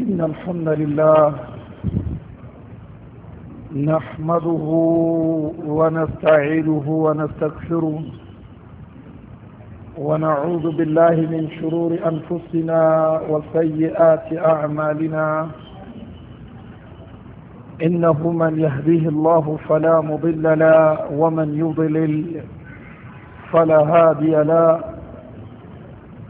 إن الحمد لله نحمده ونستعيده ونستغفره ونعوذ بالله من شرور أنفسنا وسيئات أعمالنا إنه من يهديه الله فلا مضل له ومن يضلل فلا هادي له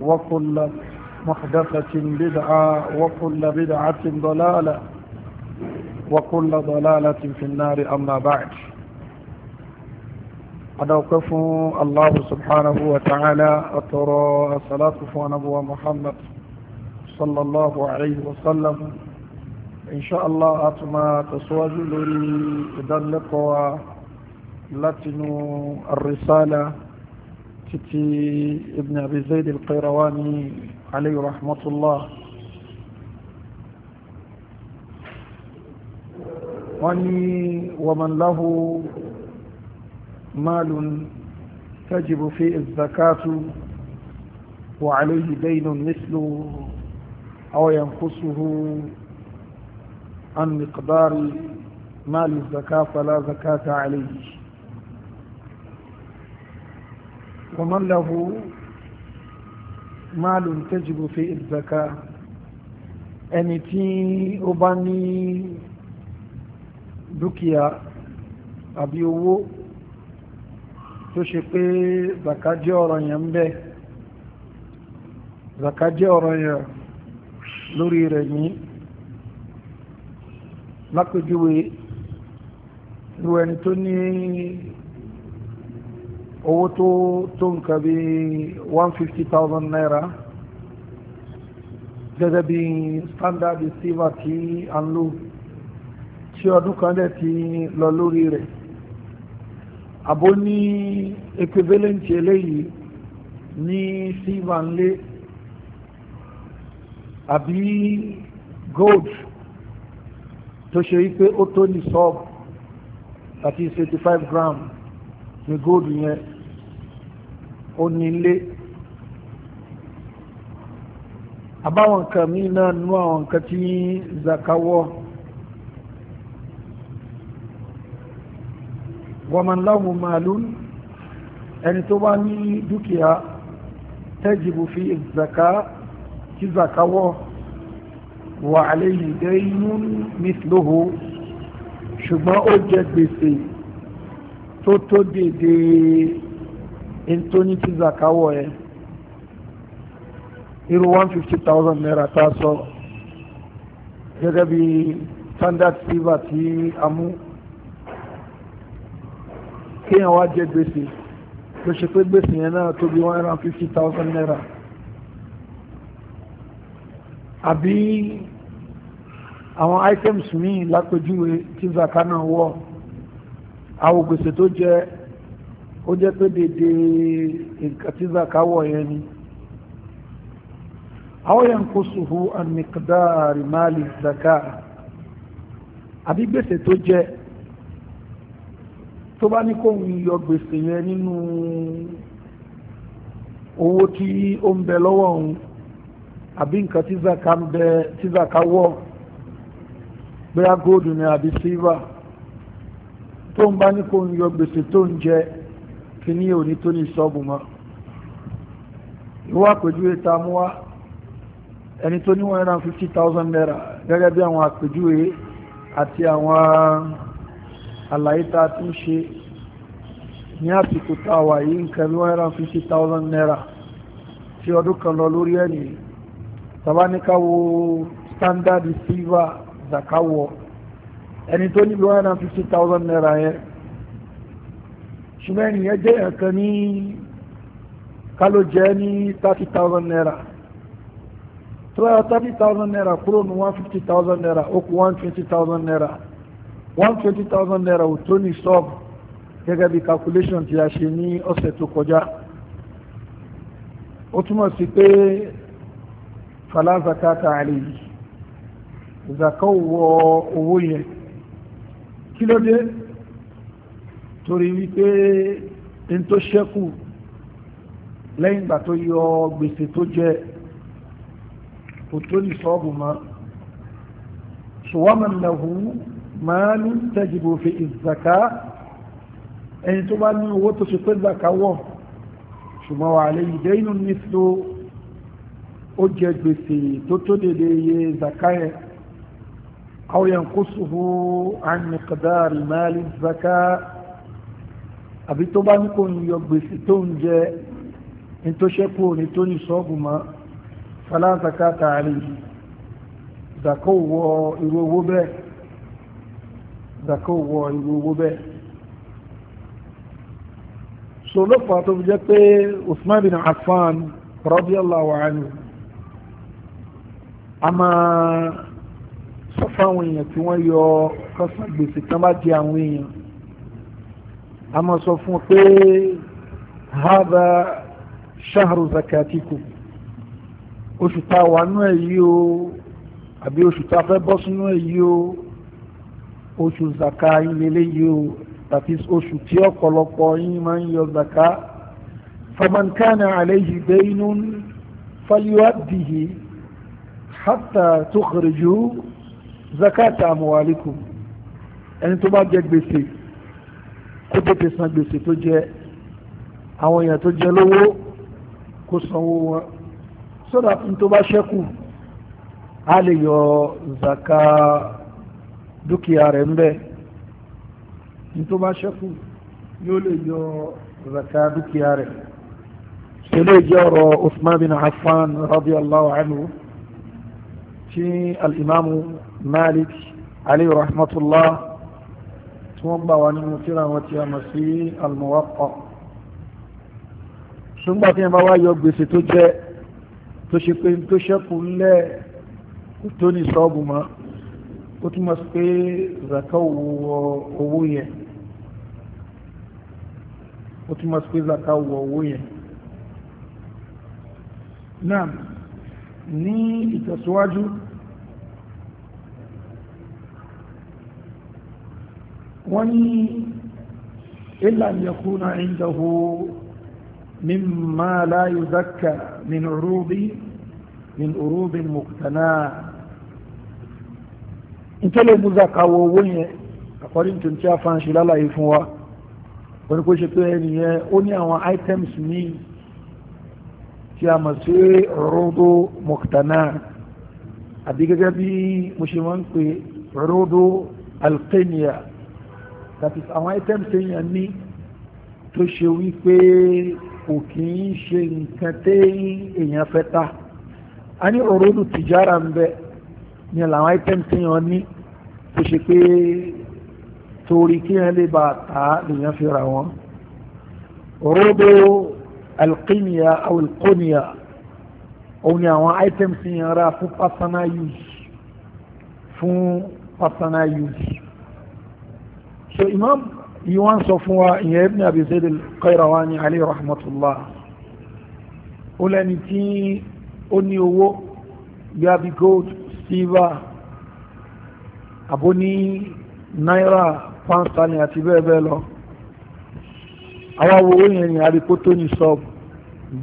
وكل محدثة بدعة وكل بدعة ضلالة وكل ضلالة في النار أما بعد أدوقف الله سبحانه وتعالى أترى صلاة ونبوة محمد صلى الله عليه وسلم إن شاء الله أتما تسواج لري إذن لقوى الرسالة تتي ابن أبي زيد القيرواني عليه رحمة الله واني ومن له مال تجب فيه الزكاة وعليه دين مثل أو ينقصه عن مقدار مال الزكاة فلا زكاة عليه ومن له مال تجب في الزكاة ẹni tí ó bá ní dúkìá àbí owó tó ṣe pé zaka jẹ́ ọ̀rọ̀ yẹn ń bẹ zaka jẹ́ ọ̀rọ̀ yẹn lórí rẹ̀ ní lápèjúwe irú ẹni tó ní owó tó tó nǹkan bí one fifty thousand naira gẹ́gẹ́ bí standard silver tí a ń lò tí ọdún kan dẹ̀ ti lọ lórí rẹ̀ àbó ní equivalent eléyìí ní silver ńlé àbí gold tó ṣe wípé ó tó ní sub àti 75 gram ní gold yẹn onílé àbáwọn nǹkan míì náà nú àwọn nǹkan tí zakawọ́ wọ́n láwọn màálùn ẹni tó bá ní dúkìá tẹ́jìbù fi zaka tí zakawọ́ wà aléyìn daynun mithluhu ṣùgbọ́n ó jẹ gbèsè tó tó dédé tó ní tí zakawọ̀ ẹ irú one fifty thousand naira tá a sọ gẹ́gẹ́ bí standard silver tí a mú kéèyàn wá jẹ gbèsè tó ṣe pé gbèsè yẹn náà tó bí one hundred and fifty thousand naira àbí àwọn items míì lápèjúwe tí zaka náà wọ̀ àwọn gbèsè tó jẹ́ ó jẹ́ pé dédé nǹkan tí zakawọ̀ yẹn ni aw yankusuhu an miqdari mali zaka àbí gbèsè tó jẹ́ tó bá ní kó ń yọ gbèsè yẹn nínú owó tí ó ń bẹ lọ́wọ́ òun àbí nǹkan tí zaka ń bẹ tí zaka wọ̀ bóyá góòdù ni àbí sílvà tó ń bá ní kó ń yọ gbèsè tó ń jẹ́ kí ní òní tó ní ṣọ́ọ̀bù mọ́ ìwọ́ àpèjúwe ta mú wá ẹni tó ní one hundred and fifty thousand naira gẹ́gẹ́ bí àwọn àpèjúwe àti àwọn àlàyé tá a tún ṣe ní àsìkò tá a wà yìí nǹkan bí one hundred and fifty thousand naira tí ọdún kan lọ lórí ẹni tabanikawo standard silver zakawọ ẹni tó ní one hundred and fifty thousand naira yẹn ṣùgbọ́n ènìyàn jẹ́ ẹ̀kan ní kálọ̀ jẹ́ ní thirty thousand naira tó thirty thousand naira kúrò ní one fifty thousand naira ó one twenty thousand naira one twenty thousand naira ò tó ní sọ́ọ̀bù gẹ́gẹ́ bí calculation tí a ṣe ní ọ̀sẹ̀ tó kọjá ó túmọ̀ sí pé fala zakata alayhi zaka wọ owó yẹn kí ló dé torí wípé n tó ṣẹ́kù lẹ́yìn ìgbà tó yọ gbèsè tó jẹ kò tó ní sọ́ọ̀bù mọ́ ṣùwọ́n mẹ́lẹ̀hù máa ń tẹ́jìbò fi ìzàká ẹni tó bá ní owó tó ṣe pé zàká wọ̀ ṣùgbọ́n wà lè yìí dẹ́yìn ní tó ó jẹ gbèsè tó tó dédé iye zàká yẹn àwọn yẹn kó sùfú àmì kàdáàrí máa lè zàká àbí tó bá ní kò ń yọ gbèsè tó ń jẹ ní tó ṣẹ́kù ní tó ní sọ́ọ̀bù mọ́ falátàkà tààrí ìdàkọ́ wọ owó bẹ́ẹ̀ ìdàkọ́ wọ owó bẹ́ẹ̀ so lọ́pàá tó fi jẹ́ pé Usman bin Affan radiyallahu anhu a máa sọ fáwọn èèyàn tí wọ́n yọ kọ́sán gbèsè kan bá jẹ àwọn èèyàn a máa sọ fún pé hada shahru zakatikum oṣù ta wà nú ẹ̀ yìí o àbí oṣù ta fẹ́ bọ́ sínú ẹ̀ yìí o oṣù zaka ilé yìí o tàbí oṣù tí ọ̀pọ̀lọpọ̀ yín máa ń yọ zaka faman kana alayhi daynun falyuaddihi hatta tukhriju zakata amwalikum ẹni tó bá jẹ gbèsè kó tètè san gbèsè tó jẹ àwọn èèyàn tó jẹ lówó kó sanwó wọn sódà tó bá ṣẹ́kù a lè yọ zaka dúkìá rẹ̀ ń bẹ tó bá ṣẹ́kù yóò lè yọ zaka dúkìá rẹ̀ sílé jẹ́ ọ̀rọ̀ Uthman bin Affan radiyallahu anhu tí al Malik alayhi rahmatullah tí wọ́n gbà wá nínú tíra wọn tí a mọ̀ sí al-Muwatta ṣùgbọ́n tí wọ́n bá wá yọ gbèsè tó jẹ́ tó ṣe pé tó ṣẹ́kù lẹ́ tó ní sọ́ọ̀bù mọ́ ó túmọ̀ sí pé zaka wọ owó yẹn ó túmọ̀ sí pé zaka wọ owó yẹn náà ní ìtẹ̀síwájú. wọ́n ní ilà yakuna indahu mimma la yuzakka min urubi min urubi muqtana ìtẹ́lẹ̀ mú zakawo owó yẹn according to tí a fa ń ṣe lálàyé fún wa wọ́n ní kó ṣe pé ẹni yẹn ó items ní tí a mọ̀ sí rúdú mọ̀kítánà àbí gẹ́gẹ́ bí mo ṣe máa ń pè rúdú alkenia that is àwọn items èèyàn ní tó ṣe wípé kò kì í ṣe nǹkan téyìn èèyàn fẹ́ ta a ní òrónù tìjára ń bẹ ní àwọn items èèyàn ní tó ṣe pé torí kí wọ́n lè bá ta lèèyàn fi ra wọn òrónù alqiniya aw òun ni àwọn items èèyàn ra fún personal use fún personal use so imam yìí wọ́n sọ fún wa ìyẹn ibn abi zayd al-qayrawani alayhi rahmatullah ó lẹ́ni tí ó ní owó bí abi gold silver àbó ní náírà pound sterling àti bẹ́ẹ̀ bẹ́ẹ̀ lọ àwọn owó yẹn ni àríkó tó ní sọ́ọ̀bù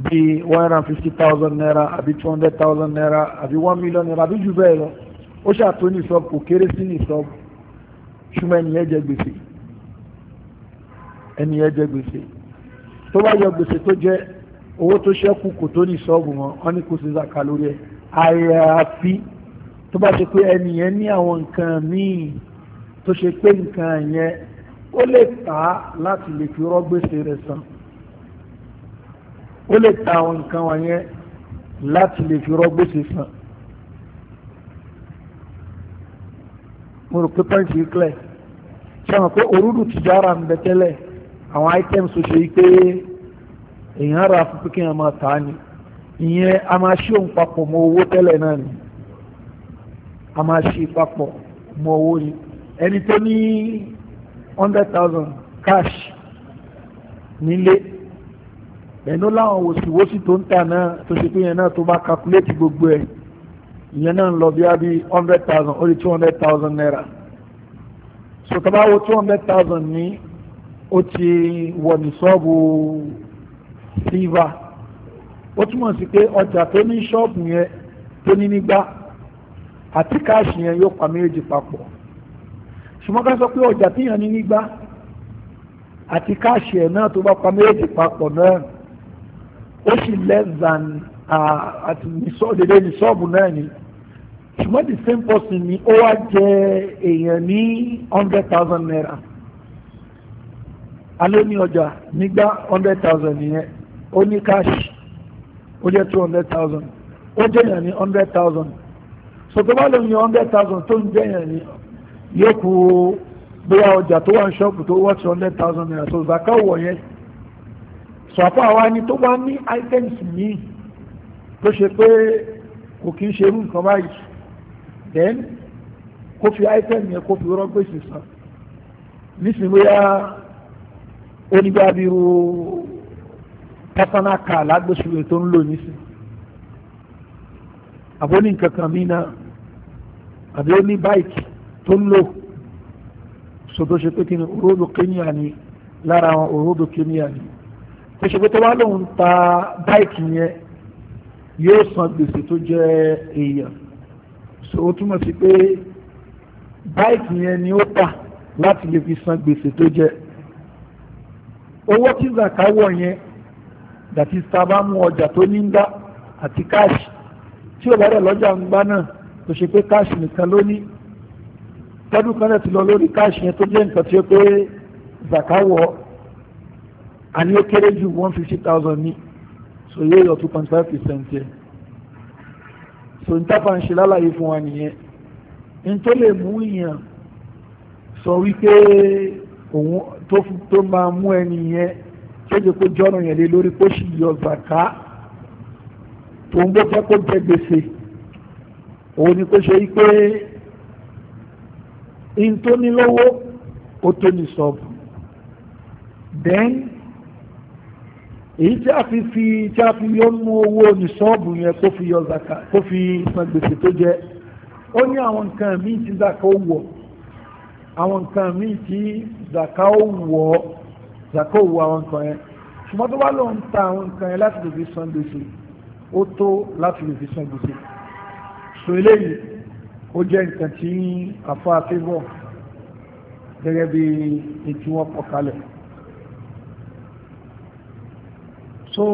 bí one hundred and fifty thousand naira àbí two naira àbí one million naira àbí jù bẹ́ẹ̀ lọ ó ṣàtò ní sọ́ọ̀bù kò kéré sí ní sọ́ọ̀bù ṣùgbọ́n ẹni yẹn jẹ gbèsè ẹni yẹn jẹ gbèsè tó bá yọ gbèsè tó jẹ owó tó ṣẹ́kù kò tó ní sọ́ọ̀bù wọn wọn ní kò sí zaka lórí ẹ àyàfi tó bá ṣe pé ẹni yẹn ní àwọn nǹkan míì tó ṣe pé nǹkan yẹn ó lè tà á láti lè fi rọ́ rẹ̀ san ó lè ta àwọn nǹkan wọ̀nyẹn láti lè fi rọ́ gbèsè mo rò pé pọ́ǹtì yìí clear ṣàwọn pé orúdù tìjára ń bẹ tẹ́lẹ̀ àwọn items tó ṣe pé èèyàn ra fún pé kí wọ́n máa tà á ni ìyẹn a máa ṣí òun papọ̀ mọ́ owó tẹ́lẹ̀ náà ni a máa ṣí papọ̀ mọ́ owó ni ẹni tó ní hundred thousand cash nílé ẹ̀nu láwọn wòsíwòsí tó ń tà náà tó ṣe pé yẹn náà tó bá calculate gbogbo ẹ̀ ìyẹn náà ń lọ bí a bí hundred thousand ó di two hundred thousand naira so tó bá wo two hundred thousand ní ó ti wọ̀ ní sọ́ọ̀bù silver ó túmọ̀ sí pé ọjà tó ní ṣọ́ọ̀bù yẹn tó ní nígbà àti káàṣì yẹn yóò pa méjì papọ̀ ṣùgbọ́n ká sọ pé ọjà tíyàn ní nígbà àti káàṣì ẹ̀ náà tó bá pa méjì papọ̀ náà ó sì less than àti dédé ní ṣọ́ọ̀bù náà ni ṣùgbọ́n the same person ni ó wá jẹ èèyàn ní hundred thousand naira alẹ́ ní ọjà nígbà hundred thousand nìyẹn ó ní cash ó jẹ́ two hundred thousand ó jẹ́yàn ní hundred thousand so tó bá lóun hundred thousand tó ń jẹ́yàn ní yókù bóyá ọjà tó wà ní ṣọ́ọ̀bù tó wọ́ sí hundred thousand naira so zaka wọ̀ yẹn sọ̀pọ̀ àwa ni tó bá ní items míì tó ṣe pé kò kí ń ṣe irú nǹkan báyìí then kó fi item yẹn kó fi rọ́gbèsì san nísìnyí bóyá onígbàbíru personal car lágbèsùlè tó ń lò nísìnyí àbóní nǹkan kan mí náà àbí ó ní báìkì tó ń lò sọdọ́ ṣe pé kí ni òróòdù kenya ni lára àwọn òróòdù kenya ni tó pé tó wá lóun ta báìkì yẹn yóò san gbèsè tó jẹ́ èèyàn so ó túmọ̀ sí pé báìkì yẹn ni ó tà láti lè fi san gbèsè tó jẹ owó tí zaka wọ̀ yẹn dàtí sábà mú ọjà tó ní ń dá àti káàṣì tí ò bá rẹ̀ lọ́jà ń gbá náà tó ṣe pé káàṣì nìkan ló ní tọ́dún kan náà ti lọ lórí káàṣì yẹn tó jẹ́ nǹkan tí ó pé zaka wọ̀ àní ó kéré ju one fifty thousand ní so yóò yọ two point five percent yẹn so n tápà ń ṣe lálàyé fún wa nìyẹn n tó lè mú èèyàn sọ wípé òun tó máa mú ẹni yẹn kéde kó jọ́nà yẹn lé lórí kó sì yọ zàká tó ń bó fẹ́ kó jẹ gbèsè òun ni kó ṣe wípé n tó lọ́wọ́ ó tó ní sọ́ọ̀bù then èyí tí a fi fi tí a fi yọ mú owó nìṣọ́ọ̀bù yẹn tó fi yọ zaka tó fi san gbèsè tó jẹ ó ní àwọn nǹkan míì tí zaka ó wọ̀ àwọn nǹkan míì tí zaka ó wọ̀ zaka ó wọ̀ àwọn nǹkan yẹn ṣùgbọ́n tó bá lọ ń ta àwọn nǹkan yẹn láti lè fi san gbèsè ó tó láti lè fi san gbèsè so eléyìí ó jẹ́ nǹkan tí àfa àfihàn gẹ́gẹ́ bí ètí wọn kọ kalẹ̀. so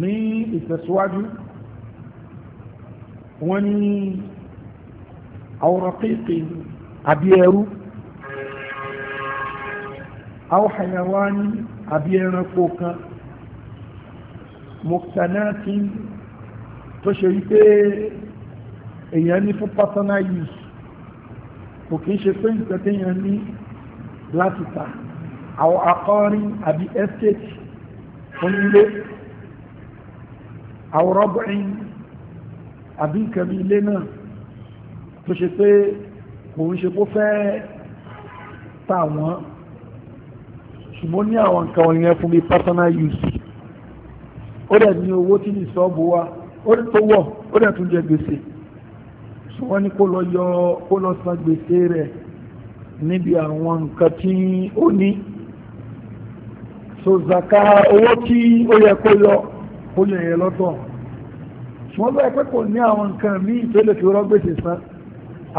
ní ìtẹ̀síwájú wọ́n ní àwòrán àbí ẹrú àwòhàyàwá ní àbí ẹranko kan mọ̀kànáàtì tó ṣe wípé èèyàn ní fún personal use kò kí ń ṣe pé nǹkan ní láti ta àwọn akọrin àbí estate fún ilé àwòrán bọ́rin àbí ìkẹ̀mí ilé náà tó ṣe pé kò ń ṣe kó fẹ́ tà wọ́n ṣùgbọ́n ní àwọn nǹkan wọ̀nyẹn fún bí personal use ó dẹ̀ ní owó tí ní sọ́ọ̀bù wa ó dẹ̀ tó wọ̀ ó dẹ̀ tún jẹ gbèsè ṣùgbọ́n ní kó lọ yọ kó lọ san gbèsè rẹ̀ níbi àwọn nǹkan tí ó ní so zaka owó tí ó yẹ kó yọ kó yẹ yẹ lọ́tọ̀ wọ́n bá ẹgbẹ́ kò ní àwọn nǹkan míì tó lè fi rọ́gbèsè san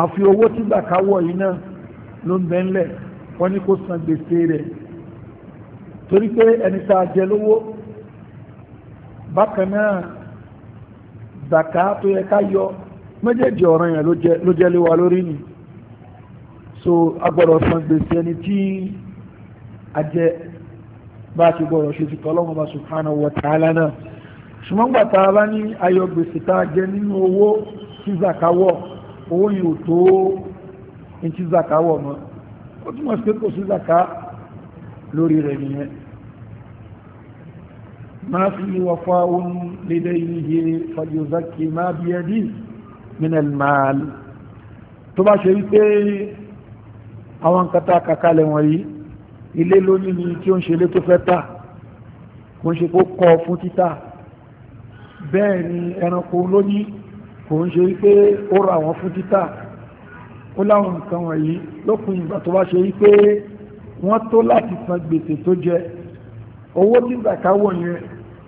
àfi owó tí zaka wọ̀ yìí náà ló ń bẹ́ ńlẹ̀ wọ́n ní kó san gbèsè rẹ̀ torí pé ẹni tá a jẹ lówó bákan náà zaka tó yẹ ká yọ méjèèjì ọ̀ràn yẹn ló jẹ́ lé lórí ni so agbọ́dọ̀ san gbèsè ẹni tí a jẹ bá a ti gbọ́rọ̀ ṣe ti tọ́lọ́mọ bá subhanahu wa ta'ala náà ṣùgbọ́n gbà tá a bá ní ayọ̀ gbèsè tá a jẹ nínú owó tí zakawọ̀ owó yìí ò tó ní tí zakawọ̀ mọ́ ó túmọ̀ sí pé kò sí zaka lórí rẹ̀ nìyẹn ma fi wafa'un lidaynihi falyuzakki ma biyadihi min al-mal tó bá ṣe wípé àwọn kata kakalẹ̀ wọ̀nyí ilé lónìí ni tí ó ń ṣe ilé tó fẹ́ tà kò ń ṣe kó kọ́ fún títà bẹ́ẹ̀ ni ẹranko lónìí kò ń ṣe wípé ó ra àwọn fún títà ó láwọn nǹkan wọ̀nyí lópin ìgbà tó bá ṣe wípé wọ́n tó láti san gbèsè tó jẹ owó tí zaka wọ̀ yẹn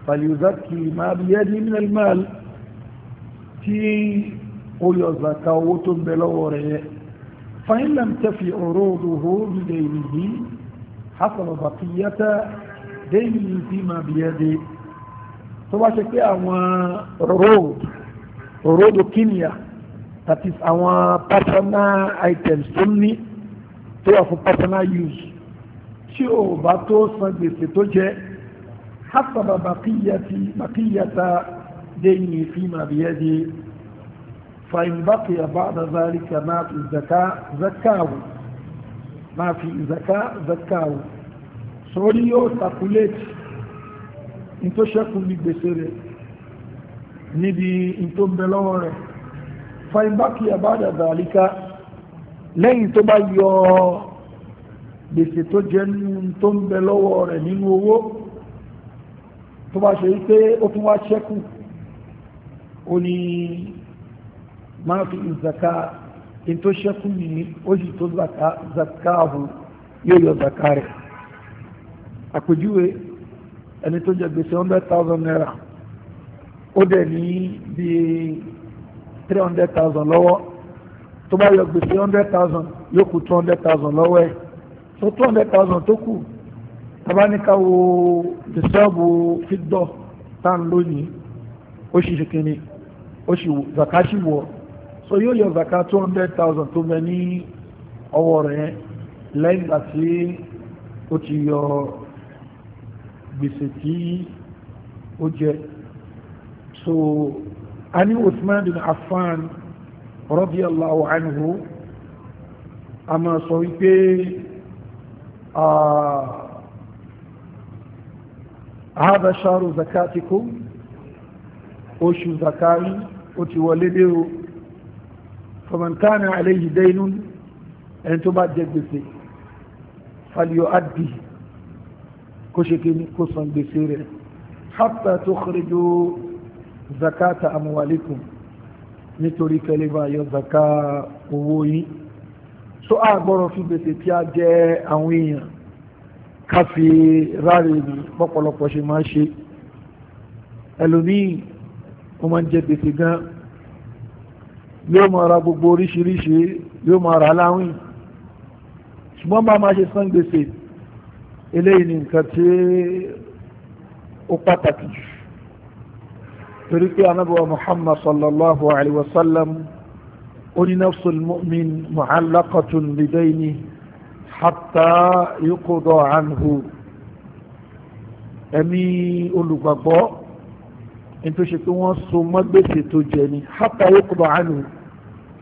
fàlìzàkì máa bí yẹ́ ní tí ó yọ zaka owó tó ń bẹ lọ́wọ́ rẹ̀ yẹn fàyínlẹ̀ tẹ́fì ọ̀rọ̀ òdòdó nílẹ̀ ìrìnlẹ̀ hasọ̀rọ̀ bàtíyẹ́tẹ́ déyìn tí ma bí ẹ́dẹ́ tó bá ṣe pé àwọn road road kenya that is àwọn personal items tó ní tó wà fún personal use tí ò bá tó san gbèsè tó jẹ hasọ̀rọ̀ bàtíyẹ́tẹ́ déyìn tí ma bí ẹ́dẹ́ فإن بقي بعد ذلك ما في الزكاة زكاه máa fi ìzàká zakawo sórí yóò takuléètì ní tó ṣẹ́kù ní gbèsè rẹ̀ níbi tó ń bẹ lọ́wọ́ rẹ̀ fàìbákì àbádà dàlíká lẹ́yìn tó bá yọ gbèsè tó jẹ́ tó ń bẹ lọ́wọ́ rẹ̀ nínú owó tó bá ṣe wípé ó tún wá ṣẹ́kù ó ní máa fi ìzàká in tó ṣẹ́kù ní oṣù tó zakáàhùn yóò yọ zakáàrẹ̀ àpèjúwe ẹni tó jẹ gbèsè 100,000 naira ó dẹ̀ ní bí 300,000 lọ́wọ́ tó bá yọ gbèsè 100,000 yóò kù 200,000 lọ́wọ́ ẹ̀ so 200,000 tó kù tabanika wo dẹ̀sẹ́bù fídọ̀ tán lónìí ó ṣì ṣe kìíní ó ṣì zakáṣì wọ̀ ọ́ so yóò yọ zaka two hundred thousand tó bẹ ní ọwọ́ rẹ̀ lẹ́yìn ìgbà tí ó ti yọ gbèsè tí ó jẹ so a ní Uthman bin Affan radiyallahu anhu a máa sọ wípé هذا شهر زكاتكم oṣù zakari ó ti wọlé dé o فمن كان عليه دين أنتم بعد جدسي فليؤدي كشكين قصا بسيره حتى تخرجوا زكاة أموالكم nítorí kẹlẹ́bà yọ zaka owó yín so a gbọ́dọ̀ fi gbèsè tí a jẹ́ àwọn èèyàn ká fi ráre ní pọ̀pọ̀lọpọ̀ ṣe máa ṣe ẹlòmíì ó máa ń jẹ gbèsè gan-an yóò máa ra gbogbo oríṣiríṣi yóò máa ra láwìn ṣùgbọ́n bá máa ṣe san gbèsè eléyìí ni nǹkan tí ó pàtàkì jù torí pé anábọ̀ muhammad sallallahu alaihi wasallam ó ní nafsul mu'min mu'allaqatun hatta yuqda anhu ẹ̀mí olùgbàgbọ́ ní tó ṣe pé wọ́n so mọ́ tó jẹ ni hatta yuqda anhu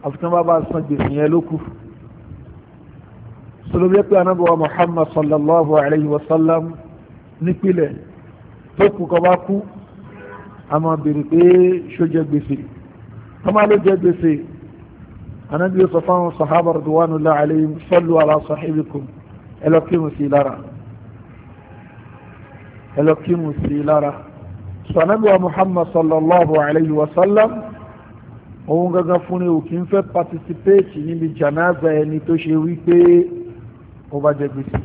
àfikún bá bá san gbèsè yẹn ló kù sọlọ́ bí pé anábọ̀wá Muhammad sallallahu alayhi wa sallam nípìnlẹ̀ tó kù kọ́ bá kú a máa bèrè pé ṣó jẹ gbèsè tó máa ló jẹ gbèsè anábì sọ fáwọn sàhábà radwanullahi alayhim sallu ala sahibikum ẹ lọ sí lára ẹ sí lára sọ anábìwá Muhammad sallallahu alayhi wa sallam òun gangan fún ni òkín fẹ́ participate níbi janaza ẹni tó ṣe wípé ó bá jẹ gbèsè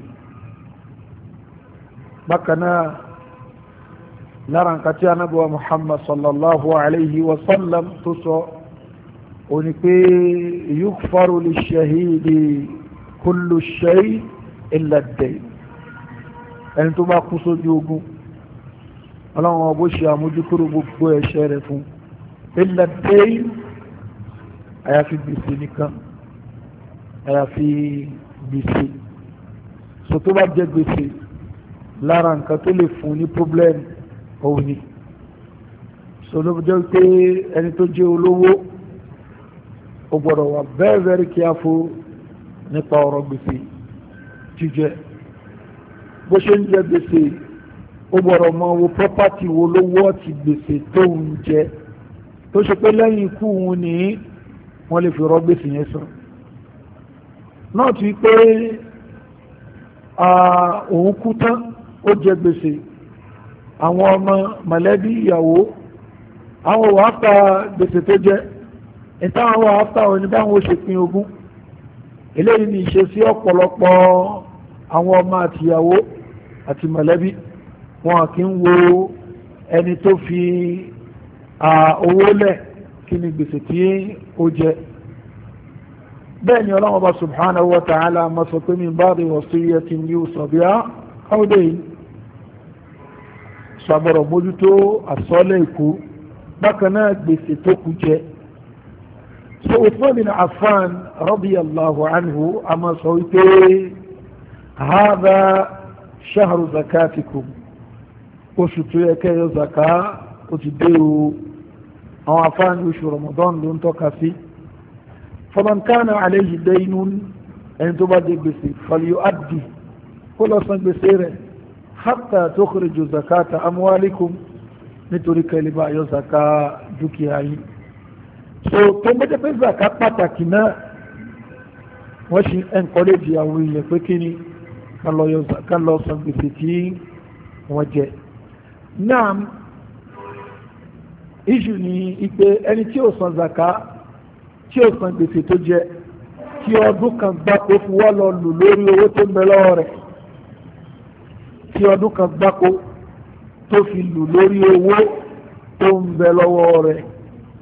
bákan náà lára nǹkan tí anábọ̀ muhammad sallallahu alayhi wa sallam tó sọ ó ní pé yukfaru li shahidi kullu shay illa ad-dayn ẹni tó bá kú sójú ogun ọlọ́run ọgbó ṣe àmójúkúrò gbogbo ẹ̀ṣẹ̀ rẹ̀ fún illa ad àyàfi gbèsè nìkan àyàfi gbèsè so tó bá jẹ gbèsè lára nǹkan tó lè fún ní problem òun ni so ló jẹ́ pé ẹni tó jẹ́ olówó ó gbọ́dọ̀ wà very very careful nípa ọ̀rọ̀ gbèsè jíjẹ bó ṣe ń jẹ gbèsè ó gbọ́dọ̀ mọ owó property wo lówó ti gbèsè tó ń jẹ tó ṣe pé lẹ́yìn ikú òun nìyí wọ́n lè fi rọ́gbèsì yẹn sọ náà ti pé ah, òun kú tán ó jẹ gbèsè àwọn ọmọ mọ̀lẹ́bí ìyàwó àwọn òwò áfà gbèsè tó jẹ ìtàwọn òwò áfà òní báwọn ṣe pín ogún eléyìí ni ìṣe sí ọ̀pọ̀lọpọ̀ àwọn ọmọ àtìyàwó àti mọ̀lẹ́bí wọn kì ń wo ẹni tó fi ah, owó lẹ̀ kí ni gbèsè tí ó jẹ bẹ́ẹ̀ ni ọlọ́run ọba subhanahu wa ta'ala ma sọ pé mi bá rí wasiyatin yusa biha aw dayn sọ̀bọ̀rọ̀ mójútó àsọ́lẹ̀ ìkú bákan náà gbèsè tó kù jẹ so Uthman bin Affan radiyallahu anhu a ma sọ wípé hadha shahru zakatikum oṣù tó yẹ kẹyọ zaka ó ti dé o àwọn afáàní oṣù Ramadan ló ń tọ́ka sí fọmọkánà àlejò dé inú ẹni tó bá dé gbèsè fàlíò àdì kó lọ san gbèsè rẹ̀ hátà tó kéré jù zakata amúhálíkùn nítorí kẹlẹ́bà yọ zaka dúkìá yìí so tó mẹ́jẹ pé zaka pàtàkì náà wọ́n ṣe encourage àwọn èèyàn pé kí ni ká lọ san gbèsè tí wọ́n jẹ náà iṣu ni ipe ẹni tí ó san zaka tí ó san gbèsè tó jẹ tí ọdún kan gbáko fowó lọ lù lórí owó tó ń bẹ lọ́wọ́ rẹ̀ tí ọdún kan gbáko tó fi lù lórí owó tó ń bẹ lọ́wọ́ rẹ̀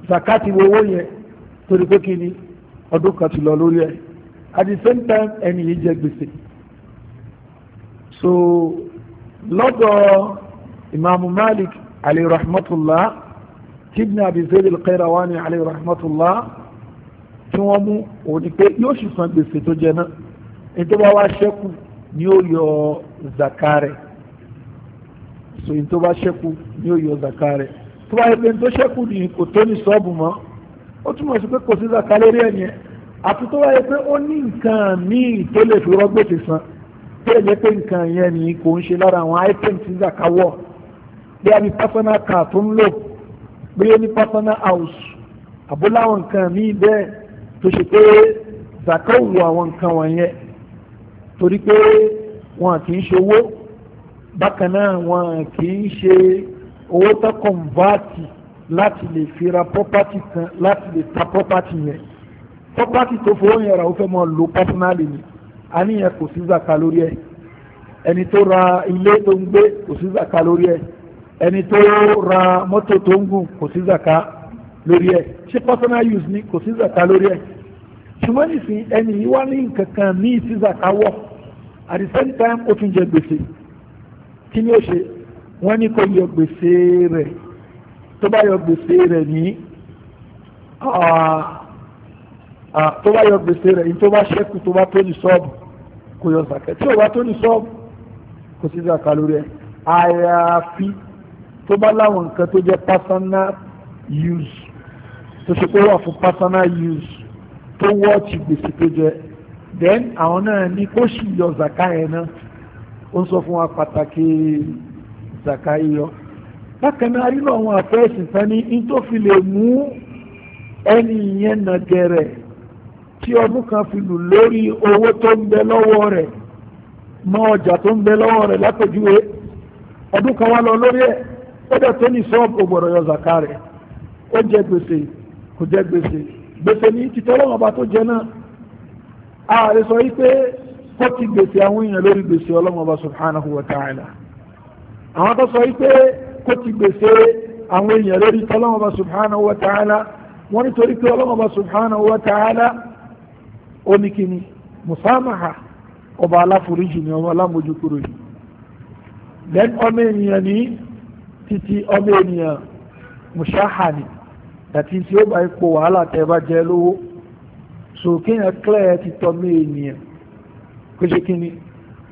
zaka ti wo owó yẹn torí pé kí ni ọdún kan ti lọ lórí ẹ̀ at the same time ẹni yìí jẹ gbèsè so lọ́dọ̀ imaamu malik Ali, rahmatullah kíbni àbí zayd al-qayrawani alayhi rahmatullah tí wọ́n mú òní pé yóò sì san gbèsè tó jẹ náà ní tó bá wá ṣẹ́kù ni ó yọ zakare so ní tó bá ṣẹ́kù ni ó yọ zakare tó bá yẹ pé ní tó ṣẹ́kù ni kò tó ní sọ́ọ̀bù mọ́ ó túmọ̀ sí pé kò sí zakare rí ẹ̀yẹn àti tó wáyé pé ó ní nǹkan míì tó lè fi rọ́gbèsè san tó lè pé nǹkan yẹn ni kò ń ṣe lára àwọn item tí zaka bí a ní personal car tó ń lò bóyá ní personal house àbúláwọn nǹkan míì bẹ́ẹ̀ tó ṣe pé zaka wu àwọn nǹkan wọ̀nyẹn torí pé wọn kì í ṣe owó bákan náà wọn kì í ṣe owó tó kọ̀ǹvàtì láti lè fi ra property kan láti lè ta property yẹn property tó fowó yẹn ra ó fẹ́ mọ́ lo personally ni àníyàn kò sí zaka lórí ẹ̀ ẹni tó ra ilé tó ń gbé kò sí zaka lórí ẹ̀ ẹni tó ra mọ́tò tó ń gùn kò sí zaka lórí ẹ̀ ṣé personal use ni kò sí zaka lórí ẹ̀ ṣùgbọ́n nìsín ẹni yìí wá ní nǹkan kan ní ìsí zaka wọ̀ at the same time ó tún jẹ gbèsè kí ni ó ṣe wọ́n ní kó yọ gbèsè rẹ̀ tó bá yọ gbèsè rẹ̀ ní ah, ah, tó bá yọ gbèsè rẹ̀ ní tó bá ṣẹ́kù tó bá tó ní sọ́ọ̀bù kò yọ zaka tí ò bá tó ní sọ́ọ̀bù kò sí zaka lórí ẹ̀ àyàfi tó bá láwọn nǹkan tó jẹ́ personal use tó ṣe pé wà fún personal use tó wọ́ọ̀tì gbèsè tó jẹ then àwọn náà ní kó sì yọ zaka yẹn náà ó ń sọ fún wa pàtàkì zaka yíyọ bákan náà nínú àwọn àfẹ́sìn tán ní in tó fi lè mú ẹni yẹn nà gẹ̀rẹ̀ tí ọdún kan fi lù lórí owó tó ń bẹ lọ́wọ́ rẹ̀ mọ ọjà tó ń bẹ lọ́wọ́ rẹ̀ lápèjúwe ọdún kan wá lọ lórí ẹ̀ kódà tó ní sọ́ọ̀bù ò gbọ́dọ̀ yọ zaka rẹ̀ ó jẹ gbèsè kò jẹ gbèsè gbèsè ní títọ́ lọ́wọ́ ọba tó jẹ náà ààrẹ sọ wípé kó ti gbèsè àwọn èèyàn lórí gbèsè ọlọ́wọ́ ọba subhanahu wa ta'ala àwọn tó sọ wípé kó ti gbèsè àwọn èèyàn lórí tọ́lọ́wọ́ ọba subhanahu wa ta'ala wọ́n nítorí pé ọlọ́wọ́ ọba subhanahu wa ta'ala ó musamaha ọba aláforíjì ni ọba alámojúkúrò yìí lẹ́nu ọmọ ènìyàn ní títí ọmọ ènìyàn mushahani àti tí ó bá ipò wàhálà tẹ́ bá jẹ lówó so kéèyàn clear ti tọmọ ènìyàn kó ṣe kí ni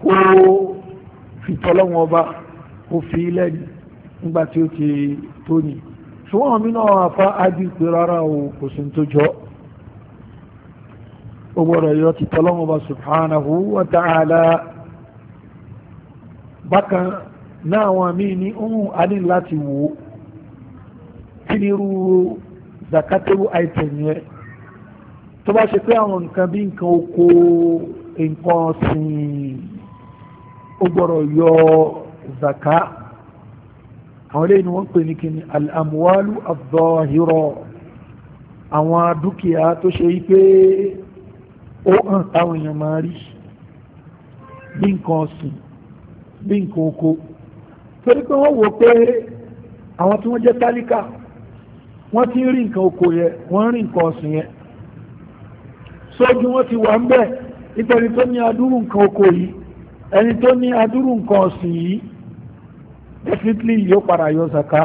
kó fi tọ́lọ́wọ́n ọba kó fi ilẹ̀ nígbà tí ó ti tó ni ṣùgbọ́n àwọn mìíràn afá ájú pé rárá o kò sí tó jọ ó gbọ́dọ̀ yọ ti tọ́lọ́wọ́n ọba subhanahu wa ta'ala bákan náà àwọn míì ní ohun a ní láti wò ó kí ni irú zakatẹ́wò item yẹn tó bá ṣe pé àwọn nǹkan bí nǹkan oko nǹkan ọ̀sìn ó gbọ́dọ̀ yọ zaka àwọn eléyìí ni wọ́n pè ní kíni al-amwalu ad-dhahira àwọn dúkìá tó ṣe yí pé ó hàn táwọn èèyàn máa rí bí nǹkan ọ̀sìn bí nǹkan oko torí pé wọ́n wò pé àwọn tí wọ́n jẹ́ tálíkà wọ́n ti rí nǹkan oko yẹn wọ́n rí nǹkan ọ̀sìn sójú wọ́n ti wà ń bẹ̀ tó ní adúrú nǹkan oko yìí ẹni tó ní adúrú nǹkan ọ̀sìn yìí definitely yóò padà yọ zaka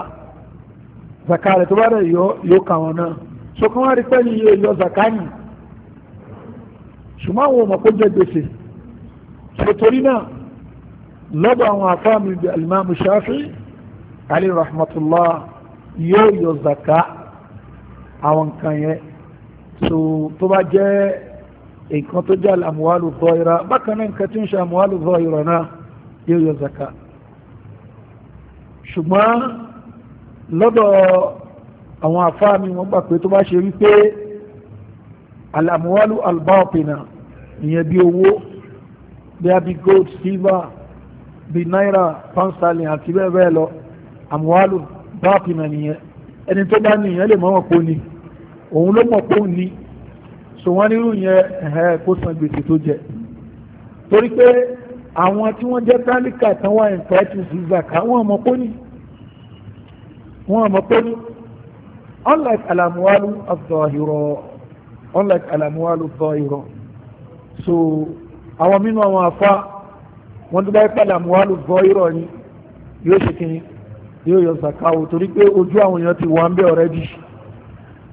zaka rẹ̀ tó bá rẹ̀ yóò kà wọ́n náà so kí rí yọ zaka yìí ṣùgbọ́n àwọn ọmọ jẹ lọ́dọ̀ àwọn afáàmì ibi alimami shafi ali rahmatullah yóò yọ zaka àwọn nǹkan yẹn so tó bá jẹ́ nǹkan tó jẹ́ àmúhálù zọ́ira bákan náà nǹkan tí ń ṣe àmúhálù zọ́ira náà yóò yọ zaka ṣùgbọ́n lọ́dọ̀ àwọn afáàmì wọn gbà pé tó bá ṣe wípé alamuwalu albaopina ìyẹn bí owó bí a silver bíi náírà pánstálì àti bẹ́ẹ̀ bẹ́ẹ̀ lọ àmúhálù báàpìnà nìyẹn ẹni tó bá ní ìyẹn lè mọ̀ pò ní òun ló mọ̀ pò ní so wọ́n nírú yẹn ẹ̀hẹ́ kó san gbèsè tó jẹ torí pé àwọn tí wọ́n jẹ́ tálíkà tán wà ìfẹ́tù sí zaka wọ́n mọ̀ pò ní wọ́n mọ̀ pò ní unlike alamuwalu azọhirọ unlike alamuwalu azọhirọ so àwọn mínú àwọn afa wọ́n tó bá pàdà mú wàlú gbọ́ irọ́ ni yóò ṣe kí yóò yọ zaka o torí pé ojú àwọn èèyàn ti wà ń bẹ ọ̀rẹ́ jì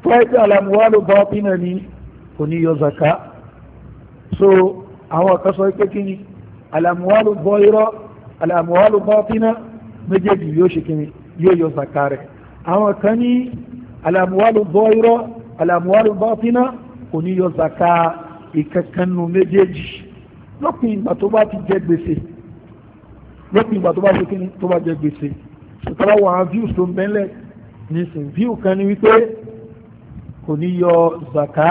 tó ẹgbẹ́ àlàmú wàlú bá pínà ni kò ní yọ zaka so àwọn kan sọ pé kí ni àlàmú wàlú gbọ́ irọ́ àlàmú wàlú bá pínà méjèèjì yóò ṣe kí ni yóò yọ zaka rẹ̀ àwọn kan ní àlàmú wàlú gbọ́ irọ́ àlàmú wàlú bá pínà kò ní yọ zaka ìkankan nu méjèèjì lópin ìgbà tó bá ti jẹ gbèsè lópin ìgbà tó bá ṣe kíni tó bá jẹ gbèsè ìtọ́lá wọ àwọn views tó ń bẹ́lẹ̀ nísìn view kan ni wípé kò ní yọ zaka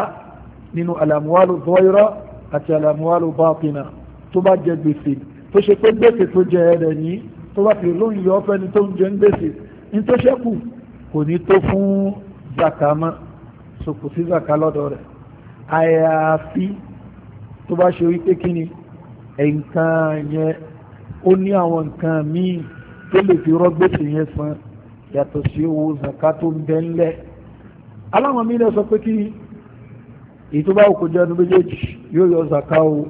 nínú alamuwalu zọ́yọ́rọ́ àti alamuwalu báàpinà tó bá jẹ gbèsè tó ṣe pé gbèsè tó jẹ ẹ̀rẹ̀ ní tó bá fi lóyún yọ ọ́fẹ́ ni tó ń jẹ ń gbèsè ní tó ṣẹ́kù kò ní tó fún zaka mọ́ so kò sí zaka lọ́dọ̀ rẹ̀ àyàfi tó bá ṣe wípé kíni nǹkan yẹn ó ní àwọn nǹkan míì tó lè fi rọ́gbèsè yẹn san yàtọ̀ sí owó zaka tó ń bẹ ńlẹ̀ aláwọn míì náà sọ pé kí èyí tó bá òkú jẹ́ ọdún méjèèjì yóò yọ zaka o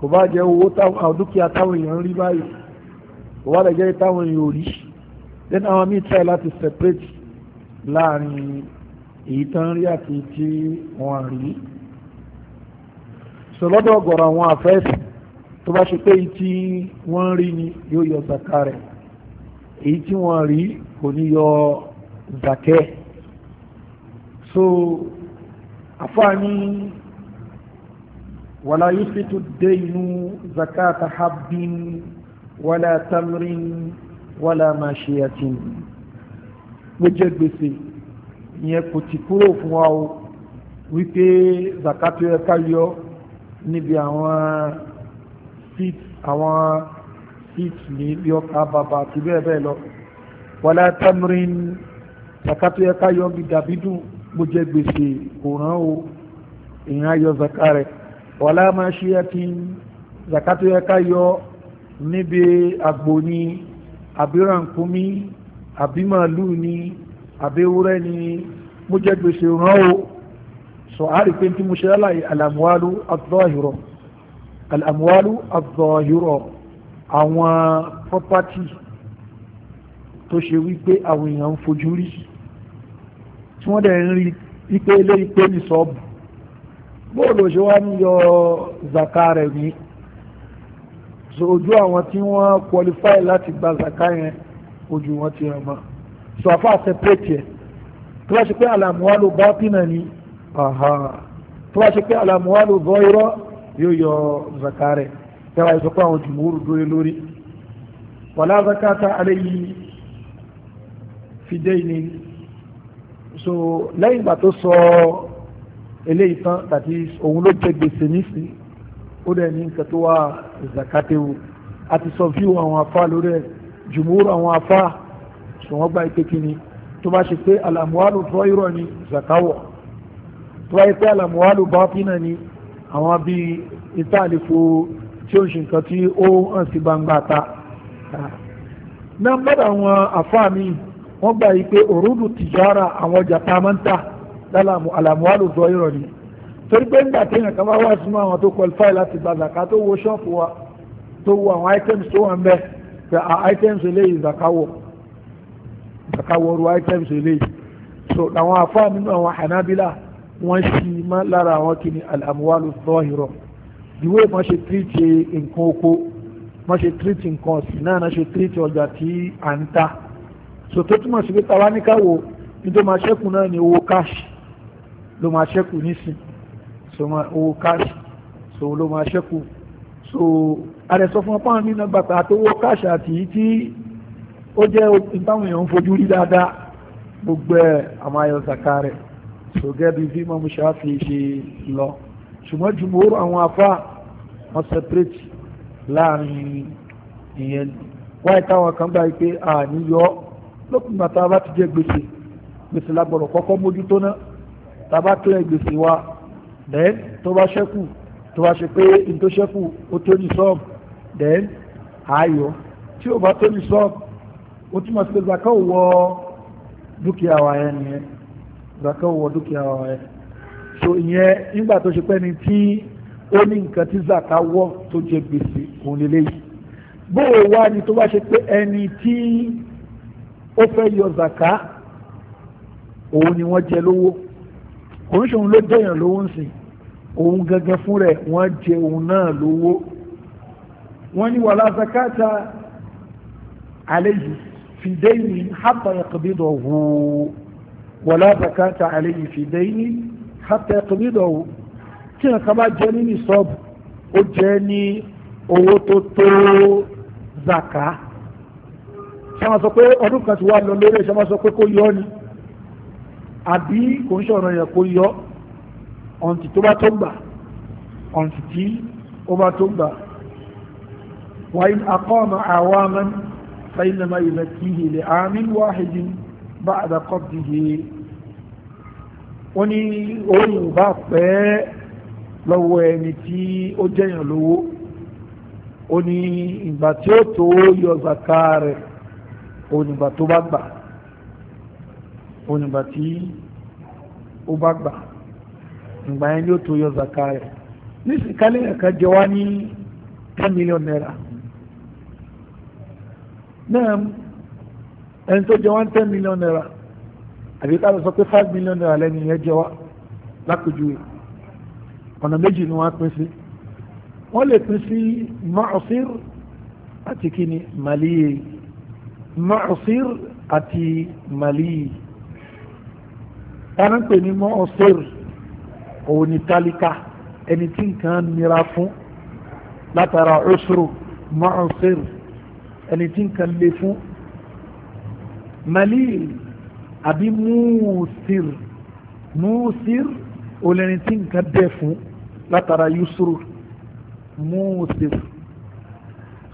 kò bá jẹ́ owó dúkìá táwọn èèyàn rí báyìí kò bá lè jẹ́ táwọn èèyàn ò rí then àwọn míì try láti separate láàrin èyí tán rí àti tí wọ́n rí sọlọ́dọ̀ ọ̀gọ̀rọ̀ àwọn àfẹ́sì tó bá ṣe pé èyí tí wọ́n rí ni yóò yọ zaka rẹ̀ èyí tí wọ́n rí kò ní yọ zakẹ́ so àfáàní wàlá yusfitu daynu zakata habbin wàlá tamrin wàlá mashiyatin ó jẹ́ gbèsè ìyẹn kò ti kúrò fún wa o wípé zakatu ẹ̀ka yọ níbi àwọn seat àwọn seat ní yọka bàbà àti bẹ́ẹ̀ bẹ́ẹ̀ lọ wàlá tamrin zakato yẹ ká yọ bí dàbí dùn mo jẹ gbèsè kò rán o èèyàn ayọ zaka rẹ wàlá máa ṣe yẹ kí zakato yẹ ká yọ níbi àgbò ni àbí rànkúmí ni àbí ni mo jẹ gbèsè rán o sọ àrípé tí mo ṣe aláì àlàmúwálú àtúbọ̀ àyùrọ̀ al-amwalu az-zahira àwọn property tó ṣe wípé àwọn èèyàn ń fojú rí tí wọ́n dẹ̀ ń rí ipe ilé ipe ní sọ́ọ̀bù bóòlù ṣe wá ń yọ zaka rẹ̀ ní so ojú àwọn tí wọ́n qualify láti gba zaka yẹn ojú wọn ti hàn so àfa separate yẹ tó bá ṣe pé al-amwalu batina ni tó bá ṣe pé al-amwalu yóò yọ zaka rẹ̀ tẹ́wàá ìsọ pé àwọn jùmúrù dúró lórí wàlá zakata alayhi fi dayni so lẹ́yìn ìgbà tó sọ eléyìí tán tàbí òun ló jẹ gbèsè nísìnyí ó dẹ̀ ní nǹkan tó wà zakatewu àti sọ fíwọ àwọn afá lórí ẹ̀ jùmúrù àwọn afá ṣùgbọ́n gba ìpè kíni tó bá ṣe pé alamuwalu tọ́ irọ́ ni zakawọ̀ tó bá ṣe pé alamuwalu bá fínà ni àwọn bíi ìtàlífo tí ó ń ṣe nǹkan tí ó hàn sí gbangba ta náà gbọ́dọ̀ àwọn àfáà wọ́n gbà yí pé òrùdù tìjára àwọn ọjà tá a máa ń tà lálàmú àlàmúhálò zọ ìrọ̀ ni torí pé nígbà tí èèyàn kan bá wà súnmọ́ àwọn tó qualify láti gba zaka tó wo ṣọ́ọ̀fù wa tó wo àwọn items tó wà ń bẹ pé àwọn items eléyìí zaka wọ̀ zaka wọ̀ ru items eléyìí so àwọn àfáà nínú àwọn hanabila wọ́n ṣí má lára àwọn kìíní al-amwalu zahira ìwé má ṣe tírìtì e nǹkan oko má ṣe tírìtì nǹkan ọ̀sìn náà má ṣe tírìtì ọjà tí à ń ta sòtó túmọ̀ sí pé tàwa níkàwò nítorí máa ṣẹ́kù náà ni owó káàṣì ló máa ṣẹ́kù nísìn so owó káàṣì so ló máa ṣẹ́kù so ààrẹ sọ fún ọpọ́n nínú bàtà àtowó káàṣì àti yìí tí ó jẹ́ ìbáwọn èèyàn ń fojú rí dáadáa gbogbo ẹ̀ àmọ́ ayọ̀ zaka rẹ̀ tó gẹ́bí bí mọ́mú ṣáfi ṣe lọ ṣùgbọ́n jùmọ̀rú àwọn afá wọ́n separate láàrin ìyẹn wáyé táwọn kan gbà pé àní yọ lópin bàtà bá ti jẹ gbèsè gbèsè lágbọ̀rọ̀ kọ́kọ́ mójútó náà tàbá tó ẹ gbèsè wa then tó bá ṣẹ́kù tó bá ṣe pé n tó ṣẹ́kù ó tó ní sọ́ọ̀b then ààyò tí ò bá tó ní sọ́ọ̀b ó túmọ̀ sí pé zaka ò wọ dúkìá wa yẹn nìyẹn zaka wọ dúkìá rẹ̀ so ìyẹn nígbà tó ṣe pẹ́ ni tí ó ní nǹkan tí zaka wọ́ tó jẹ gbèsè òun lélẹ́yìí bó o wá ni tó bá ṣe pé ẹni tí ó fẹ́ yọ zaka òun ni wọ́n jẹ lówó òun ló jẹyàn lówó ń sìn òun gangan fún rẹ̀ wọ́n jẹ òun náà lówó wọ́n ní wàlá zakata alayhi fìdéyìn hàtà yaqbidahu ولا zakata alayhi في dayni حتى yaqbidahu tí nǹkan جاني jẹ nínú ìsọ́ọ̀bù ó jẹ ní owó tó tó zaka ṣé wọn sọ pé ọdún kan ti wá lọ lórí ṣé wọn sọ pé kó yọ ni àbí kò ń ṣọ̀rọ̀ yẹn kó yọ ọ̀ǹtì tó bá tó gbà ọ̀ǹtì tí ó bá tó gbà wa in aqama awaman fa innama yuzakkihi li amin wahidin ba'da qabdihi wọ́n ní owó yorùbá pẹ́ lọ́wọ́ ẹni tí ó jẹ́yàn lówó ó ní ìgbà tí ó tó yọ zaka rẹ̀ onígbà tó bá gbà onígbà tí ó bá gbà ìgbà yẹn ni ó tó yọ zaka rẹ̀ nísìnyí kálẹ̀ ẹ̀ka jẹ wá ní ten million naira náà ẹni tó jẹ wọ́n ten million naira àbí ká lọ sọ pé five million naira lẹ́nu yẹn jẹ wá lápèjúwe ọ̀nà méjì ni wọ́n pín sí wọ́n lè pín sí ma'asir àti kíni màlíye ma'asir àti màlíye ẹran pè ní ma'asir òun ni tálíkà ẹni tí nǹkan nira fún látara usru ma'asir ẹni tí nǹkan le fún malil àbí muusir muusir olórin tí nǹkan dẹ̀ fún látara yusuru muusir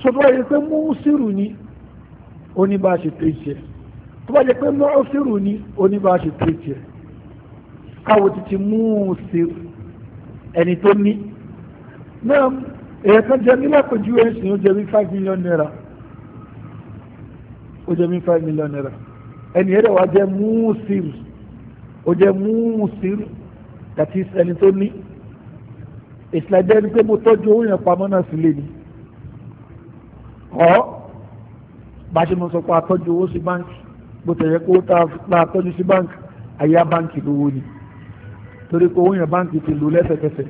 sọtọ́ bá yẹ pé muusiru ni oníbàṣe tó jẹ tó bá yẹ pé muusiru ni oníbàṣe tó jẹ káwọ títí muusir ẹni tó ní náà èyàn kan jẹ mí lápèjúwe ẹ̀sìn ó jẹ mí five million naira ó jẹ mí five million naira ẹni ẹ̀rẹ̀ wa jẹ́ múùsìr ó jẹ́ múùsìr kàtí ẹni tó ní ìsìlájẹ́ ẹni pé mo tọ́jú owó yẹn pamọ́ náà sílé ni ọ́ bá ṣe mo sọ pé àtọ́jú owó sí báńkì bó tẹ̀yẹ kó tá a tọ́jú sí báńkì àyà báńkì lówó ni torí pé owó yẹn báńkì ti lò lẹ́sẹ̀kẹsẹ̀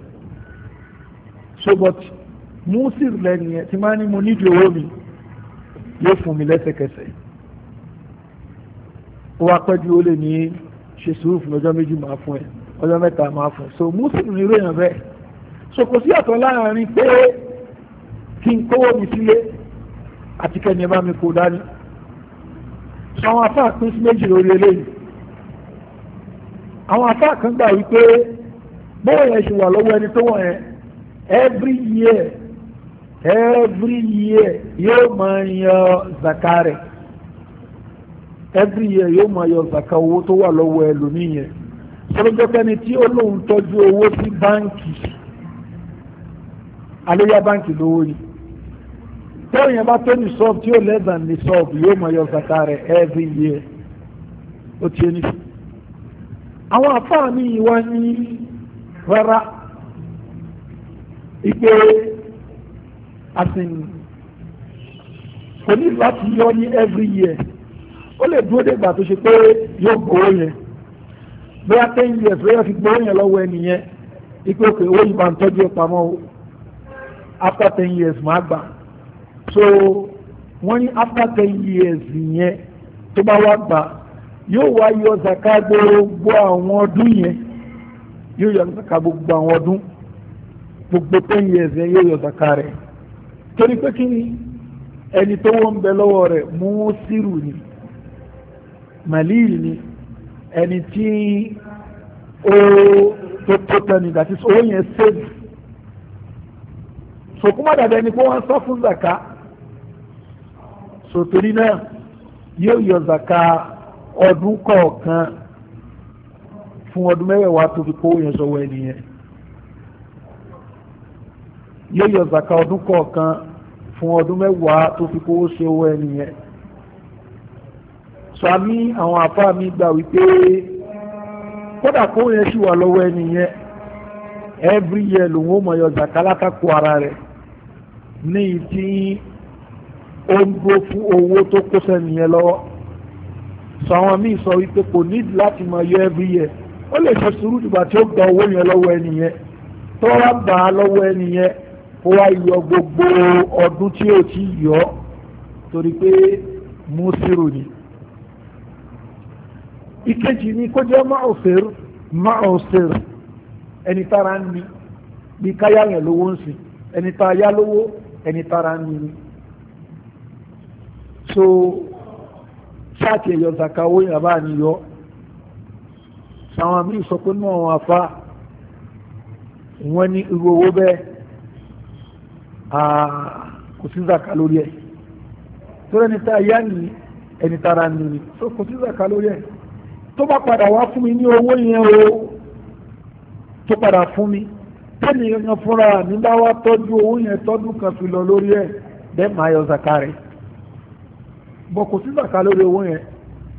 so but múùsìr lẹ́ni ẹ̀ tí máa ní mo nídìí owó mi yóò fún mi lẹ́sẹ̀kẹsẹ̀ ó wá pẹ́jú ó lè ní ṣe sùúrù fún ọjọ́ méjì máa fún ẹ ọjọ́ mẹ́ta máa fún ẹ so muslim ní ròyìn bẹ́ẹ̀ so kò sí àtọ̀ láàrin pé kí n kówó mi sílé àti kẹ́ni ẹ bá mi kó dání so àwọn afáà pín sí méjì lórí eléyìí àwọn afáà kan gbà wípé bóyá yẹn ṣe wà lọ́wọ́ ẹni tó wọ̀nyẹn every year every year yóò máa yan zakare every year yóò máa yọ zaka owó tó wà lọ́wọ́ ẹlòmíyẹn sọlọ́jọ́pẹ́ni tí ó lóun tọ́jú owó sí báńkì aléyá báńkì lówó ni tẹ́wọ̀n yẹn bá tó ní sọ́ọ̀bù tí ó lẹ́dà ní sọ́ọ̀bù yóò máa yọ zaka rẹ̀ every year ó ti ẹni fún àwọn àfáà mi wá ní rárá ìpè àsìn kò ní láti yọ ní every year ó lè dúró dé ìgbà tó ṣe pé yóò gbowó yẹn bóyá ten years lóyè fi gbowó yẹn lọ́wọ́ ẹni yẹn ipe òkè owó yìí máa ń tọ́jú ẹ pamọ́ o after ten years máa gbà so wọ́n ní after ten years yẹn tó bá wá gbà yóò wá yọ zaka gbogbo àwọn ọdún yẹn yóò yọ zaka gbogbo àwọn ọdún gbogbo ten years yẹn yóò yọ zaka rẹ̀ torí pé kí ni ẹni tó wọ́n ń bẹ lọ́wọ́ rẹ̀ mú sírù ni malil ni ẹni tí ó tó tó tẹni that is owó yẹn save so kó má dàbí ẹni pé wọ́n sọ fún zaka so torí náà yóò yọ zaka ọdún kọ̀ọ̀kan fún ọdún mẹ́wàá tó fi kó owó yẹn sọ́wọ́ ẹni yóò yọ zaka ọdún kọ̀ọ̀kan fún ọdún mẹ́wàá tó fi kó owó sí owó sàmí àwọn àfáà mi gbà wípé kódà kó yẹn sì wà lọ́wọ́ ẹni every year lòun ó mọ̀ yọ zakalaka kó ara rẹ̀ ní ìtí ó ń gbó fún owó tó kó sẹ́ni yẹn lọ́wọ́ sọ àwọn míì sọ wípé kò ní láti mọ̀ yọ every year ó lè ṣe sùúrù dìgbà tí ó gba owó yẹn lọ́wọ́ ẹni tó wá gbà á lọ́wọ́ ẹni yẹn wá yọ gbogbo ọdún tí ó ti yọ torí pé mú sírò ni ìkejì ni kó jẹ́ máa òfèr máa òfèr ẹni tára ń ni bí káyà yẹn lówó ń sìn ẹni tá yá lówó ẹni tára ń ni so ṣáàtì ẹ̀yọ zaka owó yẹn bá ní yọ àwọn àmì sọ pé náà wọn afa wọn ní irú owó bẹ́ẹ̀ kò sí zaka lórí ẹ̀ tó ẹni tá yá ni ẹni tára ń ni so kò sí zaka lórí ẹ̀ tó bá padà wá fún mi ní owó yẹn o tó padà fún mi tẹ́lẹ̀ yẹn fúnra mi bá wá tọ́jú owó yẹn tọ́dún kan fi lọ lórí ẹ̀ bẹ́ẹ̀ máa yọ zaka rẹ̀ bọ̀ kò sí zaka lórí owó yẹn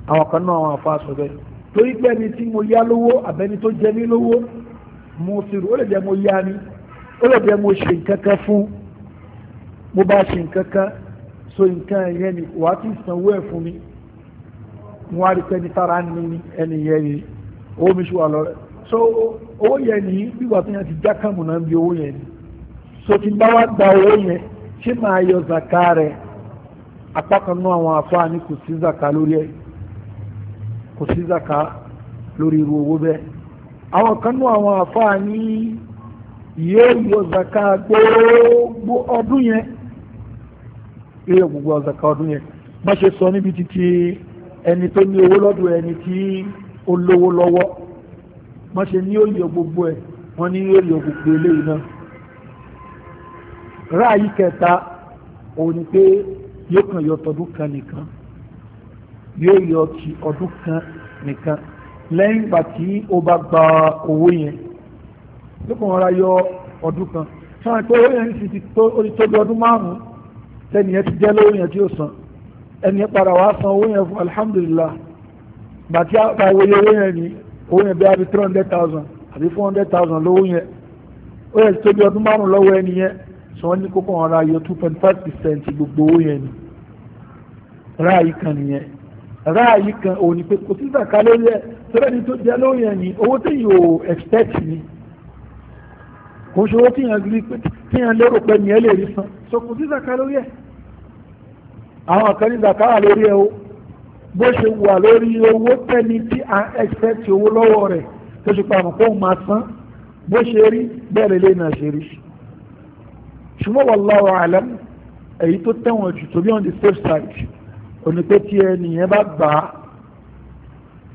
àwọn kan náà àwọn afa sọ bẹ́ẹ̀ torí pé ẹni tí mo yá lówó àbẹ́ni tó jẹ mí lówó mo sì rò ó lè jẹ́ mo yá ni ó lè jẹ́ mo ṣe nǹkan kan fún mo bá ṣe nǹkan kan so nǹkan yẹn ni wàá tún sanwó ẹ̀ fún mi wọ́n á rí pé ní tára ní ẹni yẹn ni owó mi ṣe wà lọ́rẹ̀ so owó yẹn ni wíwà tó yẹn ti já kàmù náà bí owó yẹn ni so tí bá wá gba owó yẹn ṣé máa yọ zaka rẹ̀ apá kan náà àwọn afáà ní kò sí zaka lórí ẹ̀ kò sí zaka lórí irú owó bẹ́ẹ̀ àwọn kan àwọn afáà yóò yọ zaka gbogbo ọdún yẹn yóò yọ gbogbo zaka ọdún yẹn má ṣe sọ níbi títí ẹni tó ní owó lọ́dọ̀ ẹni tí ó lówó lọ́wọ́ wọ́n ṣe ní òye gbogbo ẹ̀ wọ́n ní òye gbogbo eléyìí náà ráàyí kẹta òun ni pé yóò kàn yọ tọdún kan nìkan yóò yọ ti ọdún kan nìkan lẹ́yìn ìgbà tí ó bá gba owó yẹn ló kàn rọra yọ ọdún kan sáà pé owó yẹn ti tó bí ọdún márùn-ún tẹ́niyẹn ti jẹ́ lówó yẹn tí ó san ẹni padà wá san owó yẹn fún alhamdulillah bàtí àwòye owó yẹn ni owó yẹn bí a bí three hundred thousand àbí four hundred thousand lówó yẹn ó yẹ tóbi ọdún márùn lọ́wọ́ ẹni yẹn sọ wọ́n ní kókó wọn ra yọ two point five percent gbogbo owó yẹn ni ráàyè kan nìyẹn ráàyè kan òun ni pé kò sí ìtàkà lórí ẹ ni tó jẹ́ lówó yẹn ni owó tí yóò expect ni kò ń ṣe owó tí yẹn lérò pé ni ẹ lè rí san so kò sí ìtàkà lórí àwọn kan ní zakara lórí ẹ o bó ṣe wà lórí owó tẹ́ni tí à ń expect owó lọ́wọ́ rẹ̀ tó ṣe pàmò kó máa san bó ṣe rí bẹ́ẹ̀ lè náà ṣe rí ṣùgbọ́n wallahu alam èyí tó tẹ̀wọ̀n jù tó bí on the safe side òní tí ẹnìyẹn bá gbà á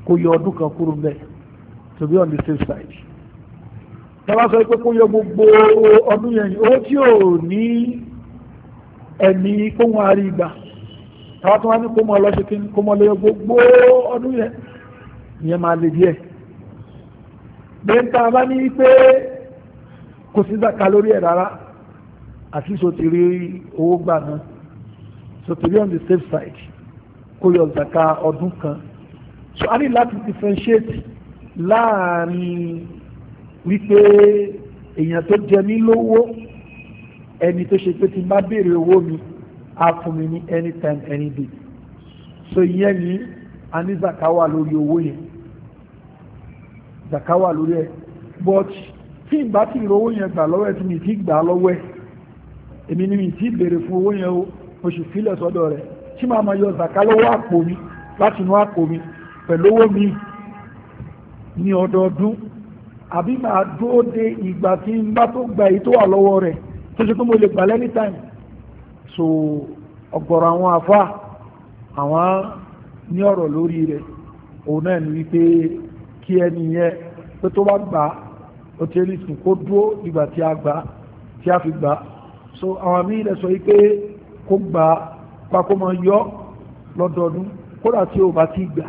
kó yọ ọdún kan kúrò mbẹ́ tó bí on the safe side tọ́lá sọ pé kó yọ gbogbo ọdún yẹn owó tí ò ní ẹ̀mí kóhun àárí gbà àwọn tó wá ní kó mọ lọ ṣe kí kó mọ lọ gbogbo ọdún yẹn ìyẹn máa le díẹ̀ bẹ́ẹ̀ tá a bá ní pé kò sí zaka lórí ẹ̀ rárá àti so ti rí owó gbà náà so on the safe side kó yọ zaka ọdún kan so a ní láti differentiate láàrin wípé èèyàn tó jẹ mí lówó ẹni tó ṣe pé ti bá béèrè owó mi á fún mi ní anytime any day so ìyẹn ní a ní zaka wà lórí owó yẹn zaka wà lórí ẹ but tí n bá ti rówó yẹn gbà lọ́wọ́ ẹ tí mi ti gbà lọ́wọ́ ẹ èmi ni mi ti béèrè fún owó yẹn o mo sì filẹ̀ sọ́dọ̀ rẹ̀ tí màá máa yọ zaka lọ́wọ́ àpò mi láti inú àpò mi pẹ̀lú owó mi ní ọdọọdún àbí màá dúró de ìgbà tí n bá tó gba èyí tó wà lọ́wọ́ rẹ̀ tó ṣe pé mo lè gbà lẹ́nítàìmù so ọ̀gọ̀rọ̀ àwọn afá àwọn ní ọ̀rọ̀ lórí rẹ̀ òun náà ni wípé kí ẹni yẹn pé tó bá gbà ó ti rí sùn kó dúró ìgbà tí a gbà tí a fi gbà so àwọn míì rẹ̀ sọ wípé kó gbà pákó mọ yọ lọ́dọọdún kódà tí ò bá ti gbà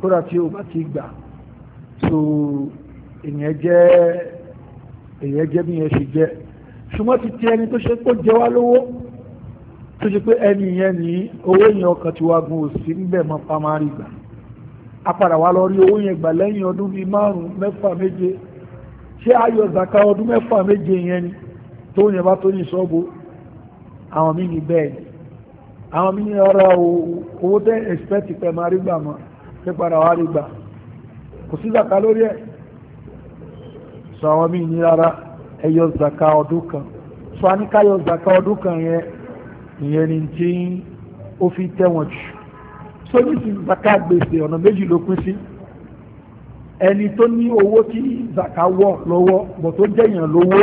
kódà tí ò bá ti gbà so èèyàn jẹ́ èèyàn jẹ́ bí yẹn ṣe jẹ́ ṣùgbọ́n ti ti ẹni tó ṣe kó jẹ wá lówó tó ṣe pé ẹni yẹn ni owó yẹn ọkàn tí wàá gun òsì níbẹ̀ mọ́ pamari gbà á padà wá lọ rí owó yẹn gbà lẹ́yìn ọdún bíi márùn-ún mẹ́fà méje ṣé ayọ̀ zaka ọdún mẹ́fà méje yẹn ni tó yẹn bá tó ní àwọn mí bẹ́ẹ̀ ni àwọn sọ ẹ zaka ọdún kan so a zaka ọdún kan yẹn ìyẹn ni tí ó fi tẹ̀wọ̀n jù so nísìnyí zaka gbèsè ọ̀nà méjì ló pín sí ẹni tó ní owó tí zaka wọ̀ lọ́wọ́ bọ̀ tó jẹ̀yàn lówó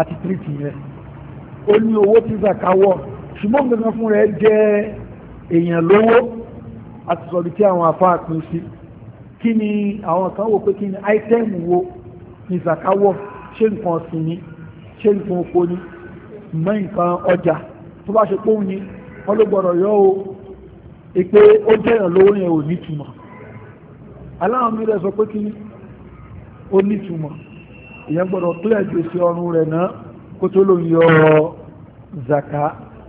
àti tìrìtì yẹn ó ní owó tí zaka wọ̀ ṣùgbọ́n gbẹ̀ngàn fún rẹ̀ jẹ́ èèyàn lówó àti sọ̀rọ̀ tí àwọn afá pín sí kí ni àwọn kan wò pé kí ni áítẹ́ẹ̀mù wo ni zaka wọ̀ ṣé nǹkan ọ̀sìn ni ṣé nǹkan oko ni mọ́ nǹkan ọjà tó bá ṣe póun ni wọ́n ló gbọ́dọ̀ yọ o pé ó jẹ́yàn lówó yẹn ò nítumọ̀ aláwọn mi rẹ̀ sọ pé kí ó nítumọ̀ èèyàn gbọ́dọ̀ clear gbèsè ọrùn rẹ̀ náà kó tó lóun yọ zaka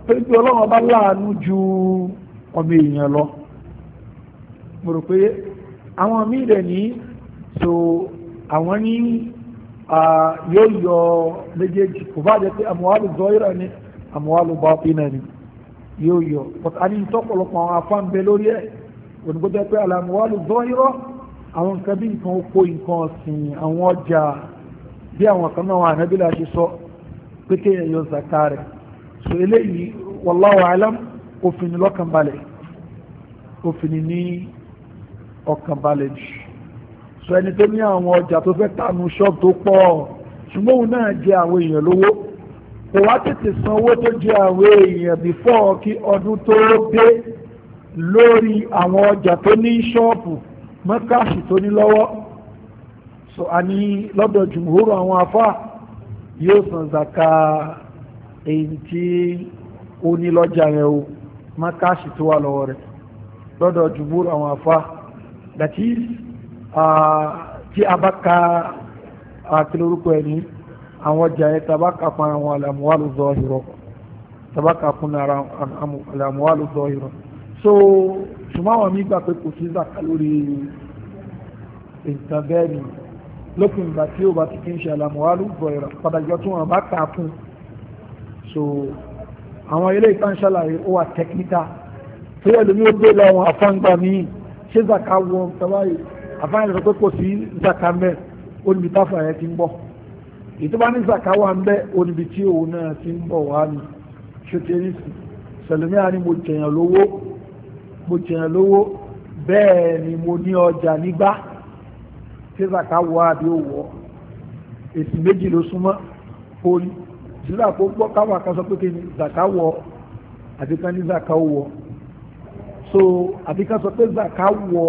pé bí ọlọ́run ọba láàánú ju ọmọ èèyàn lọ mo rò pé àwọn míì rẹ̀ ní so àwọn ní yóò yọ méjèèjì kò bá jẹ́ pé àmúhálù zọ́ọ́yìrà ni àmúhálù bátíìnà ni yóò yọ but a ní ìtọ́pọ̀lọpọ̀ àwọn afá ń bẹ lórí ẹ̀ onígbọ́dọ̀ pé àlàmúhálù zọ́ọ́yìrà àwọn nǹkan bí nǹkan oko nǹkan ọ̀sìn àwọn ọjà bí àwọn kan náà ànábìlà ṣe sọ pé kéèyàn yọ zàkà rẹ̀ so eléyìí wallahu alam òfin lọ́kànbalẹ̀ òfin ní ọkànbalẹ̀ jù sọ ẹni tó ní àwọn ọjà tó fẹ́ tànú ṣọ́ọ̀bù tó pọ̀ ṣùgbọ́n òun náà jẹ àwọn èèyàn lówó kò wá tètè san owó tó jẹ àwọn èèyàn bífọ́ kí ọdún tó dé lórí àwọn ọjà tó ní ṣọ́ọ̀bù mọ́káàsì tó ní lọ́wọ́ so a ní lọ́dọ̀ jùmùhóró àwọn afá yóò san zaka èyí tí ó ní lọ́jà rẹ̀ o mọ́káàsì tó wà lọ́wọ́ rẹ̀ lọ́dọ̀ jùmùhóró àwọn afá that is Ah, tí a bá ka àkìlórúkọ ẹni àwọn ọjà yẹn tàbá kà fún àwọn àlàmúwàlù zọ́ọ̀hìrọ̀ tàbá fún àlàmúwàlù zọ́ọ̀hìrọ̀ so ṣùgbọ́n àwọn mi gbà pé kò sí zaka lórí nǹkan bẹ́ẹ̀ ni lópin ìgbà tí ó bá ti kí ń ṣe àlàmúwàlù zọ́ọ̀hìrọ̀ padàjọ tí wọ́n bá kà fún so àwọn ilé ìtàn ṣàlàyé ó wà tẹkítà tó yẹ lómi ó gbé lọ àwọn afọ́ngbà míì ṣé zaka wọ tàbá àfáàyàn sọ pé kò sí zaka mẹ́ oníbi táfà yẹn ti ń bọ̀ ìtọ́ba ní zaka wà ń bẹ́ oníbi tí òun náà ti ń bọ̀ wá ní ṣètìrìsì sẹlẹ̀míà ni mo jẹ̀yàn lówó mo jẹ̀yàn lówó bẹ́ẹ̀ ni mo ní ọjà nígbà tí zaka wọ àbí òwò èsì méjì ló súnmọ́ poli sílá kó gbọ́ káwọn akásọ pé kí ni zaka wọ àbíkan ní zaka wọ so àbíkan sọ pé zaka wọ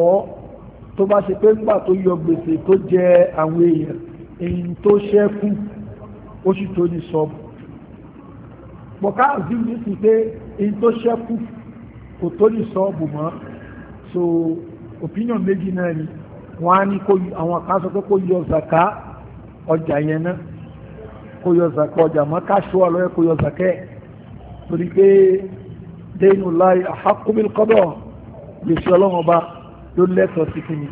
tó bá ṣe pé ńgbà tó yọ gbèsè tó jẹ àwọn èèyàn èyí tó ṣẹ́kù ó sì tó ní sọ pọ̀ká àzíù ní sí pé èyí tó ṣẹ́kù kò tó ní sọ́ọ̀bù mọ́ so opinion méjì náà ni wọ́n á ní àwọn kan sọ pé kó yọ zaka ọjà yẹn náà kó yọ zaka ọjà mọ́ káṣọ ọlọ́yẹ kó yọ zaka ẹ̀ torí pé dénú láì àhákùnmí kọ́dọ̀ gbèsè ọlọ́run ló lẹ́tọ̀ọ́ sí kí ni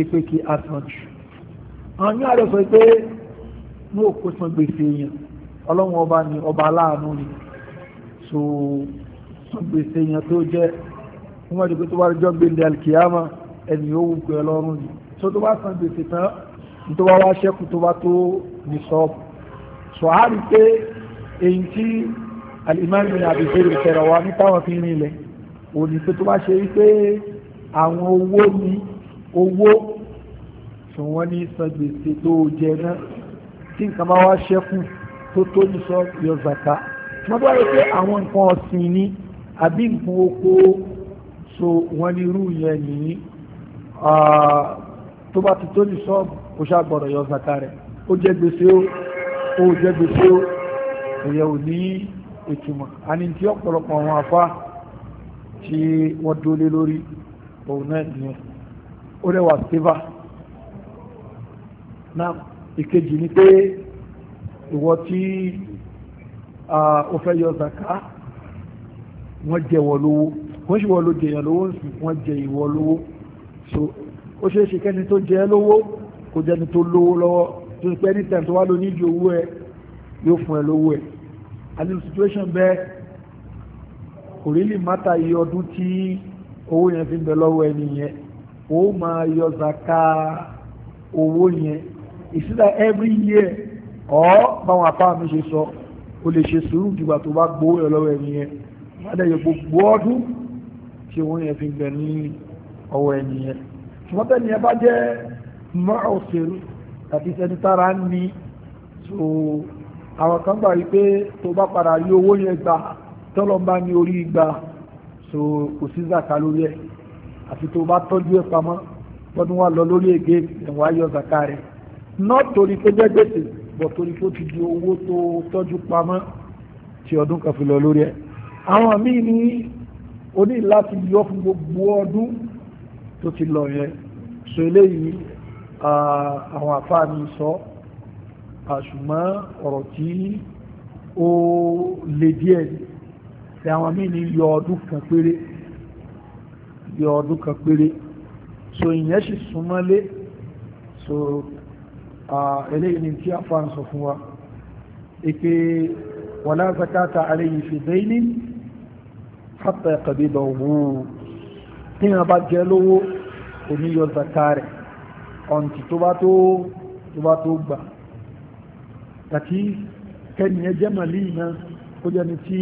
ipe kí a san jù àwọn yóò rẹ̀ sọ pé ní òkú san gbèsè èèyàn ọlọ́run ọba ni ọba aláàánú ni so san gbèsè èèyàn tó jẹ́ wọ́n mọ̀ dípé tó bá jọ gbèndé alkiyama ẹni yóò wù pé ọlọ́run ni so tó bá san gbèsè tán tó bá wá ṣẹ́kù tó bá tó ní sọ́ọ̀bù so a rí pé èyí tí alimami àbí fèrè fẹ̀rọ̀ wa ní táwọn fi ń rinlẹ̀ òní pé tó bá ṣe wípé àwọn owó ní owó tí wọ́n ní san gbèsè tó jẹ náà tí nǹkan bá wá ṣẹ́kù tó tó ní sọ yọ zaka wọ́n bá rẹ̀ pé àwọn nǹkan ọ̀sìn ni àbí nǹkan oko so wọ́n ní irú yẹn nìyí tó bá ti tó ní sọ́ọ̀bù ó ṣàgbọ̀rọ̀ yọ zaka rẹ̀ ó jẹ́ gbèsè ó ó jẹ́ gbèsè ó ẹ̀yẹ ò ní ìtumọ̀ àní tí ọ̀pọ̀lọpọ̀ àwọn afá tí wọ́n dólé lórí òun náà nìyẹn ó rẹwà síva náà ìkejì ni pé ìwọ tí ó fẹ́ yọ zaka wọ́n jẹ wọ lówó wọ́n sì wọ́n ló jẹyàn lówó wọ́n jẹ ìwọ lówó so ó ṣeé ṣe kẹ́ni tó jẹ lówó kò jẹ́ni tó lówó lọ́wọ́ tó ń pẹ́ ní tẹ̀ tó wá ló nídìí owó ẹ yóò fún ẹ lówó ẹ àti situation bẹ́ẹ̀ kò rí lè mátà iye ọdún tí owó yẹn fi ń bẹ lọ́wọ́ ẹni yẹn ó máa yọ zaka owó yẹn ìsílá every year ọ́ báwọn apá mi ṣe sọ o lè ṣe sùúrù dìgbà tó bá gbowó yẹn lọ́wọ́ ẹni yẹn ládẹ́yẹ gbogbo ọdún tí owó yẹn fi ń bẹ ní ọwọ́ ẹni yẹn ṣùgbọ́n tẹ́ni ẹ bá jẹ́ mọ́ọ̀sìn àti ẹni tára ń ní so àwọn kan gbà wípé tó bá padà rí owó yẹn gbà tọ́lọ́ bá ní orí gbà so kò sí zaka lórí ẹ̀ àfi tó bá tọ́jú ẹ̀ pamọ́ tọ́dún wa lọ lórí ègé ẹ̀wọ̀n ayọ̀ zaka rẹ̀ náà torí pé jẹ́ gbèsè bọ̀ torí pé ó ti di owó tó tọ́jú pamọ́ tí ọdún kan fi lọ lórí ẹ̀ àwọn míì ní o ní láti yọ fún gbogbo ọdún tó ti lọ yẹn so eléyìí àwọn àfáà sọ àṣùmọ́ ọ̀rọ̀ tí ó le díẹ̀ ni ẹ̀sìn àwọn míì ní yọ ọdún kan péré yọ ọdún kan péré so ìyẹn sì súnmọ́lé so eléyìí ni tí a fa ń sọ fún wa ipe wàlá zakata alayhi fi dayni hatta yaqbidahu tí wọ́n bá jẹ́ lówó oníyọ zakari ọ̀ntì tó bá tó tó bá tó gbà tàkí kẹ́ni ẹjẹ́ màlí náà ó jẹ́ni tí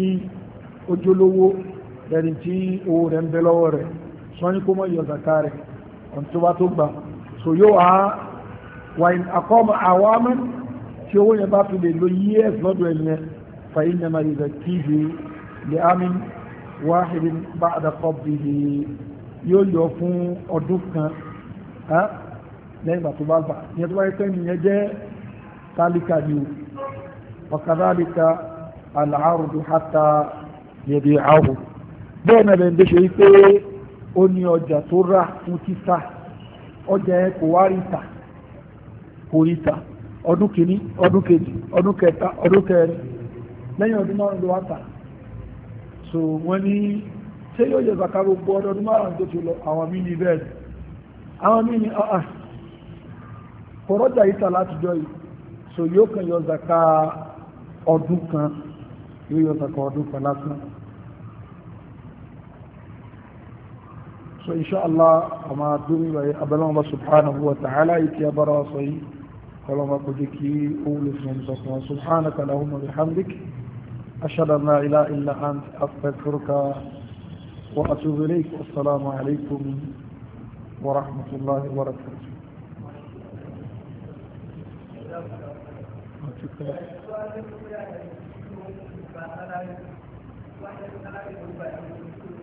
ojúlówó ẹni tí owó rẹ̀ ń bẹ lọ́wọ́ rẹ̀ sọ ní kó mọ̀ yọ zaka rẹ̀ ọ̀n tó bá tó gbà so yóò á wà ní àkọ́mọ̀ àwámẹ́ tí owó yẹn bá fi lè lo years lọ́dọ̀ ẹ̀yẹ fàyín nàmà ìzà kíbi lè ámì wáhìrín bá àdàkọ́ bìbì yóò yọ fún ọdún kan lẹ́yìn ìgbà tó bá gbà ìyẹn tó bá yẹ pé nìyẹn jẹ́ tálíkà ni o ọ̀kadà àlìkà àlàárùdù hátà yẹ̀bi àwò bẹ́ẹ̀ náà lẹ́nu ṣe wípé ó ní ọjà tó rà fún títà ọjà ẹ kò wá rí kò rí ọdún kìíní ọdún kejì ọdún kẹta ọdún kẹrin lẹ́yìn ọdún márùn ló so wọ́n ní ṣé yóò yẹ gbogbo ọdún márùn tó ti lọ àwọn mí ní bẹ́ẹ̀ ni àwọn mí ní ah, ah. kọ̀rọ̀jà yìí látijọ́ yìí so yóò kàn yọ ọdún kan yóò yọ ọdún kan so inshallah ọmọ adúrí wáyé abẹ́lọ́wọ́ subhanahu wa ta'ala ìtì abára ọ̀sọ̀ yìí kọlọ́mọ kò jẹ́ kí ó wúlò fún ọmọ sọ̀kan subhanaka lahumma bihamdik ashhadu an la ilaha illa ant astaghfiruka wa atubu ilayk assalamu alaykum wa rahmatullahi wa barakatuh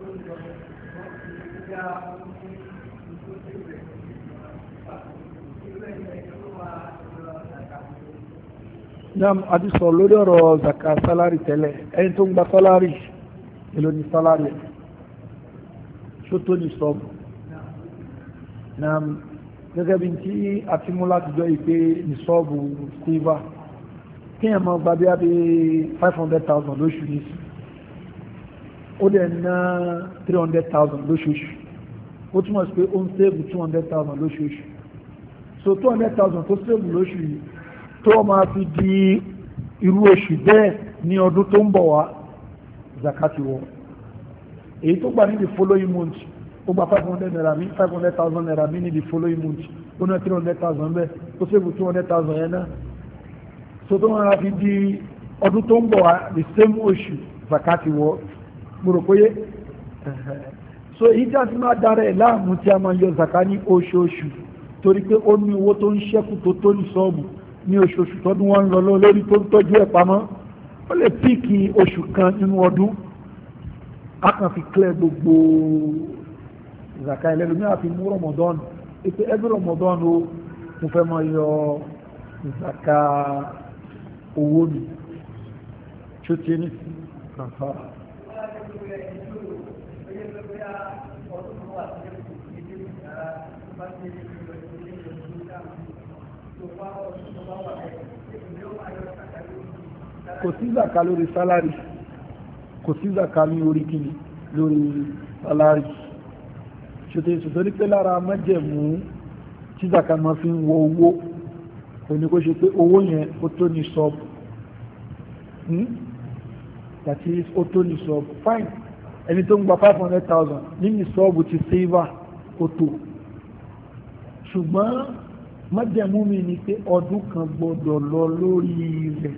Thank you. nam adisọ lórí ọ̀rọ̀ zaka salari tẹ́lẹ̀ ẹni tó ń gba salari èlò ni salari ṣótó ni sọmù nam gẹ́gẹ́ bí tí a ti mú láti jọ ìpé ni sọ́ọ̀bù kúíbà kí ẹ̀mọ́ gba bí a bí 500,000 lóṣù ní ó dẹ̀ ná 300,000 lóṣooṣù ó túmọ̀ sí pé ó ń sèbù two hundred thousand lóṣooṣù so two hundred thousand tó sèbù lóṣù yìí tó máa fi di irú oṣù bẹ́ẹ̀ ní ọdún tó ń bọ̀ wá zakati wọ èyí tó gbà ní the following month ó gba five hundred naira mi five naira mi ní the following month ó ná three bẹ́ẹ̀ ó sèbù two yẹn náà so tó máa fi di ọdún tó ń bọ̀ wá the same oṣù zakati wọ gbòròpóyé so èyí tí a ti máa dára ẹ̀ láàmú tí a máa yọ zaka ní oṣooṣù torí pé ó ní owó tó ń ṣẹ́kù tó tó ní sọ́ọ̀bù ní oṣooṣù tọdún wọn ń lọ lórí tó ń tọ́jú ẹ̀ pamọ́ ó lè píìkì oṣù kan nínú ọdún a kàn fi clear gbogbo zaka ẹlẹ́nu ní àfi mú rọmọdán ètò ẹbí rọmọdán o mo fẹ́ máa yọ zaka owó mi tó ti ní kàfàrà. kò sí zaka lórí sálárì kò sí zaka ní orí kìí lórí sálárì ṣètò ìṣòtò ní pé lára mẹ́jẹ̀mú tí zaka máa fi ń wọ owó òní kó ṣe pé owó yẹn ó tó ní sọ́ọ̀bù hmm? that is ó tó ní sọ́ọ̀bù fine ẹni tó ń gba five hundred thousand ní ní sọ́ọ̀bù ti silver ó tó ṣùgbọ́n májẹ̀mú mi ni pé ọdún kan gbọ́dọ̀ lọ lórí rẹ̀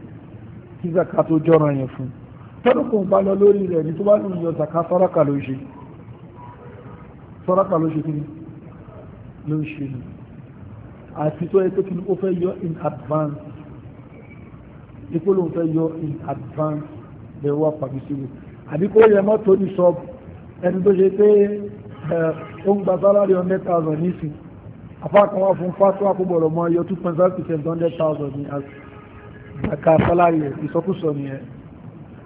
kí zaka tó jọra yẹn fún tọ́dún kan bá lọ lórí rẹ̀ ní tó bá lù yọ zaka sọ́rọ́kà ló ṣe sọ́rọ́kà ló ṣe kí ni ló ṣe ni àti tó yẹ pé kí ni ó fẹ́ yọ in advance ipò ló ń fẹ́ yọ in advance bẹ̀rẹ̀ wà pàbí sílẹ̀ àbí kó yẹ mọ́tò ní sọ́ọ̀bù ẹni tó ṣe pé ó ń gba sálárì hundred thousand nísìnyí afáàkan wá fún fásitì àkóbọ̀lọ̀ mọ́ ayọ two point five percent hundred thousand as àkà sálárì ẹ̀ ìsọkúsọ nìyẹn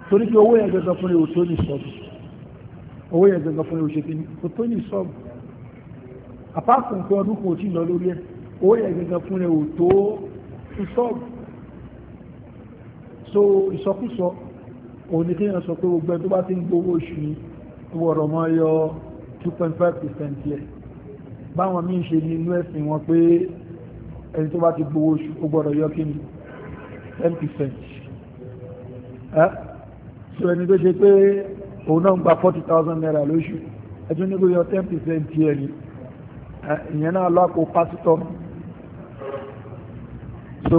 torí pé owó yẹn gẹ́gẹ́ fún ìwòsàn ní sọ́ọ̀bù owó yẹn gẹ́gẹ́ fún ìwòsàn ní òtó ní sọ́ọ̀bù apáàkan nǹkan ọdún kan ò tí ì lọ lórí ẹ̀ owó yẹn gẹ́gẹ́ fún ìwòsàn sọ́ọ̀bù so ìsọkúsọ òun ni kéèyàn sọ pé gbogbo ẹ tó bá ti ń gbowó oṣù ni wọ̀rọ̀ mọ́ yọ two point five percent yẹn báwọn míì ṣe ní inú ẹ̀sìn wọn pé ẹni tó bá ti gbowó oṣù ó gbọ́dọ̀ yọ kí ni 10% ẹ́ so ẹni tó ṣe pé òun náà ń gba 40,000 naira lóṣù ẹjọ́ nígbò yọ 10% tí ẹni ìyẹn náà lọ́pọ̀ pásítọ̀ so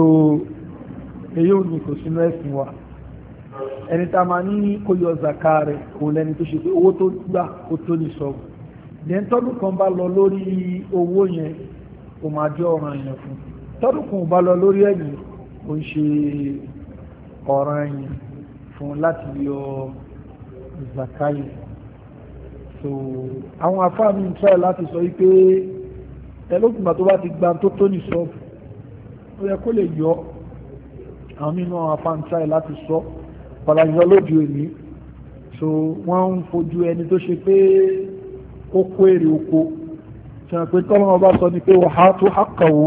èyí ò ní kò sínú ẹ̀sìn wa ẹni tá a máa ní kó yọ zaka òun lẹni tó ṣe pé owó tó gbà ó tó ní sọ́wọ́ then tọ́dún kan bá lọ lórí owó yẹn kò máa jẹ́ ọ̀ràn yẹn fún tọ́dún kan bá lọ lórí ẹ̀yìn kò ń ṣe ọ̀ràn yẹn fún láti yọ zakayi so àwọn afáàmì ń try láti sọ wípé ẹlòmígbà tó bá ti gba tó tó ní sọ́ọ̀bù ó yẹ kó lè yọ àwọn nínú àwọn afáàmì try láti sọ pàlàjọ lóde òní so wọ́n ń fojú ẹni tó ṣe pé kó kó èrè oko ṣàn pé tọ́lọ́mọ bá sọ ni pé wà á tún hákàwó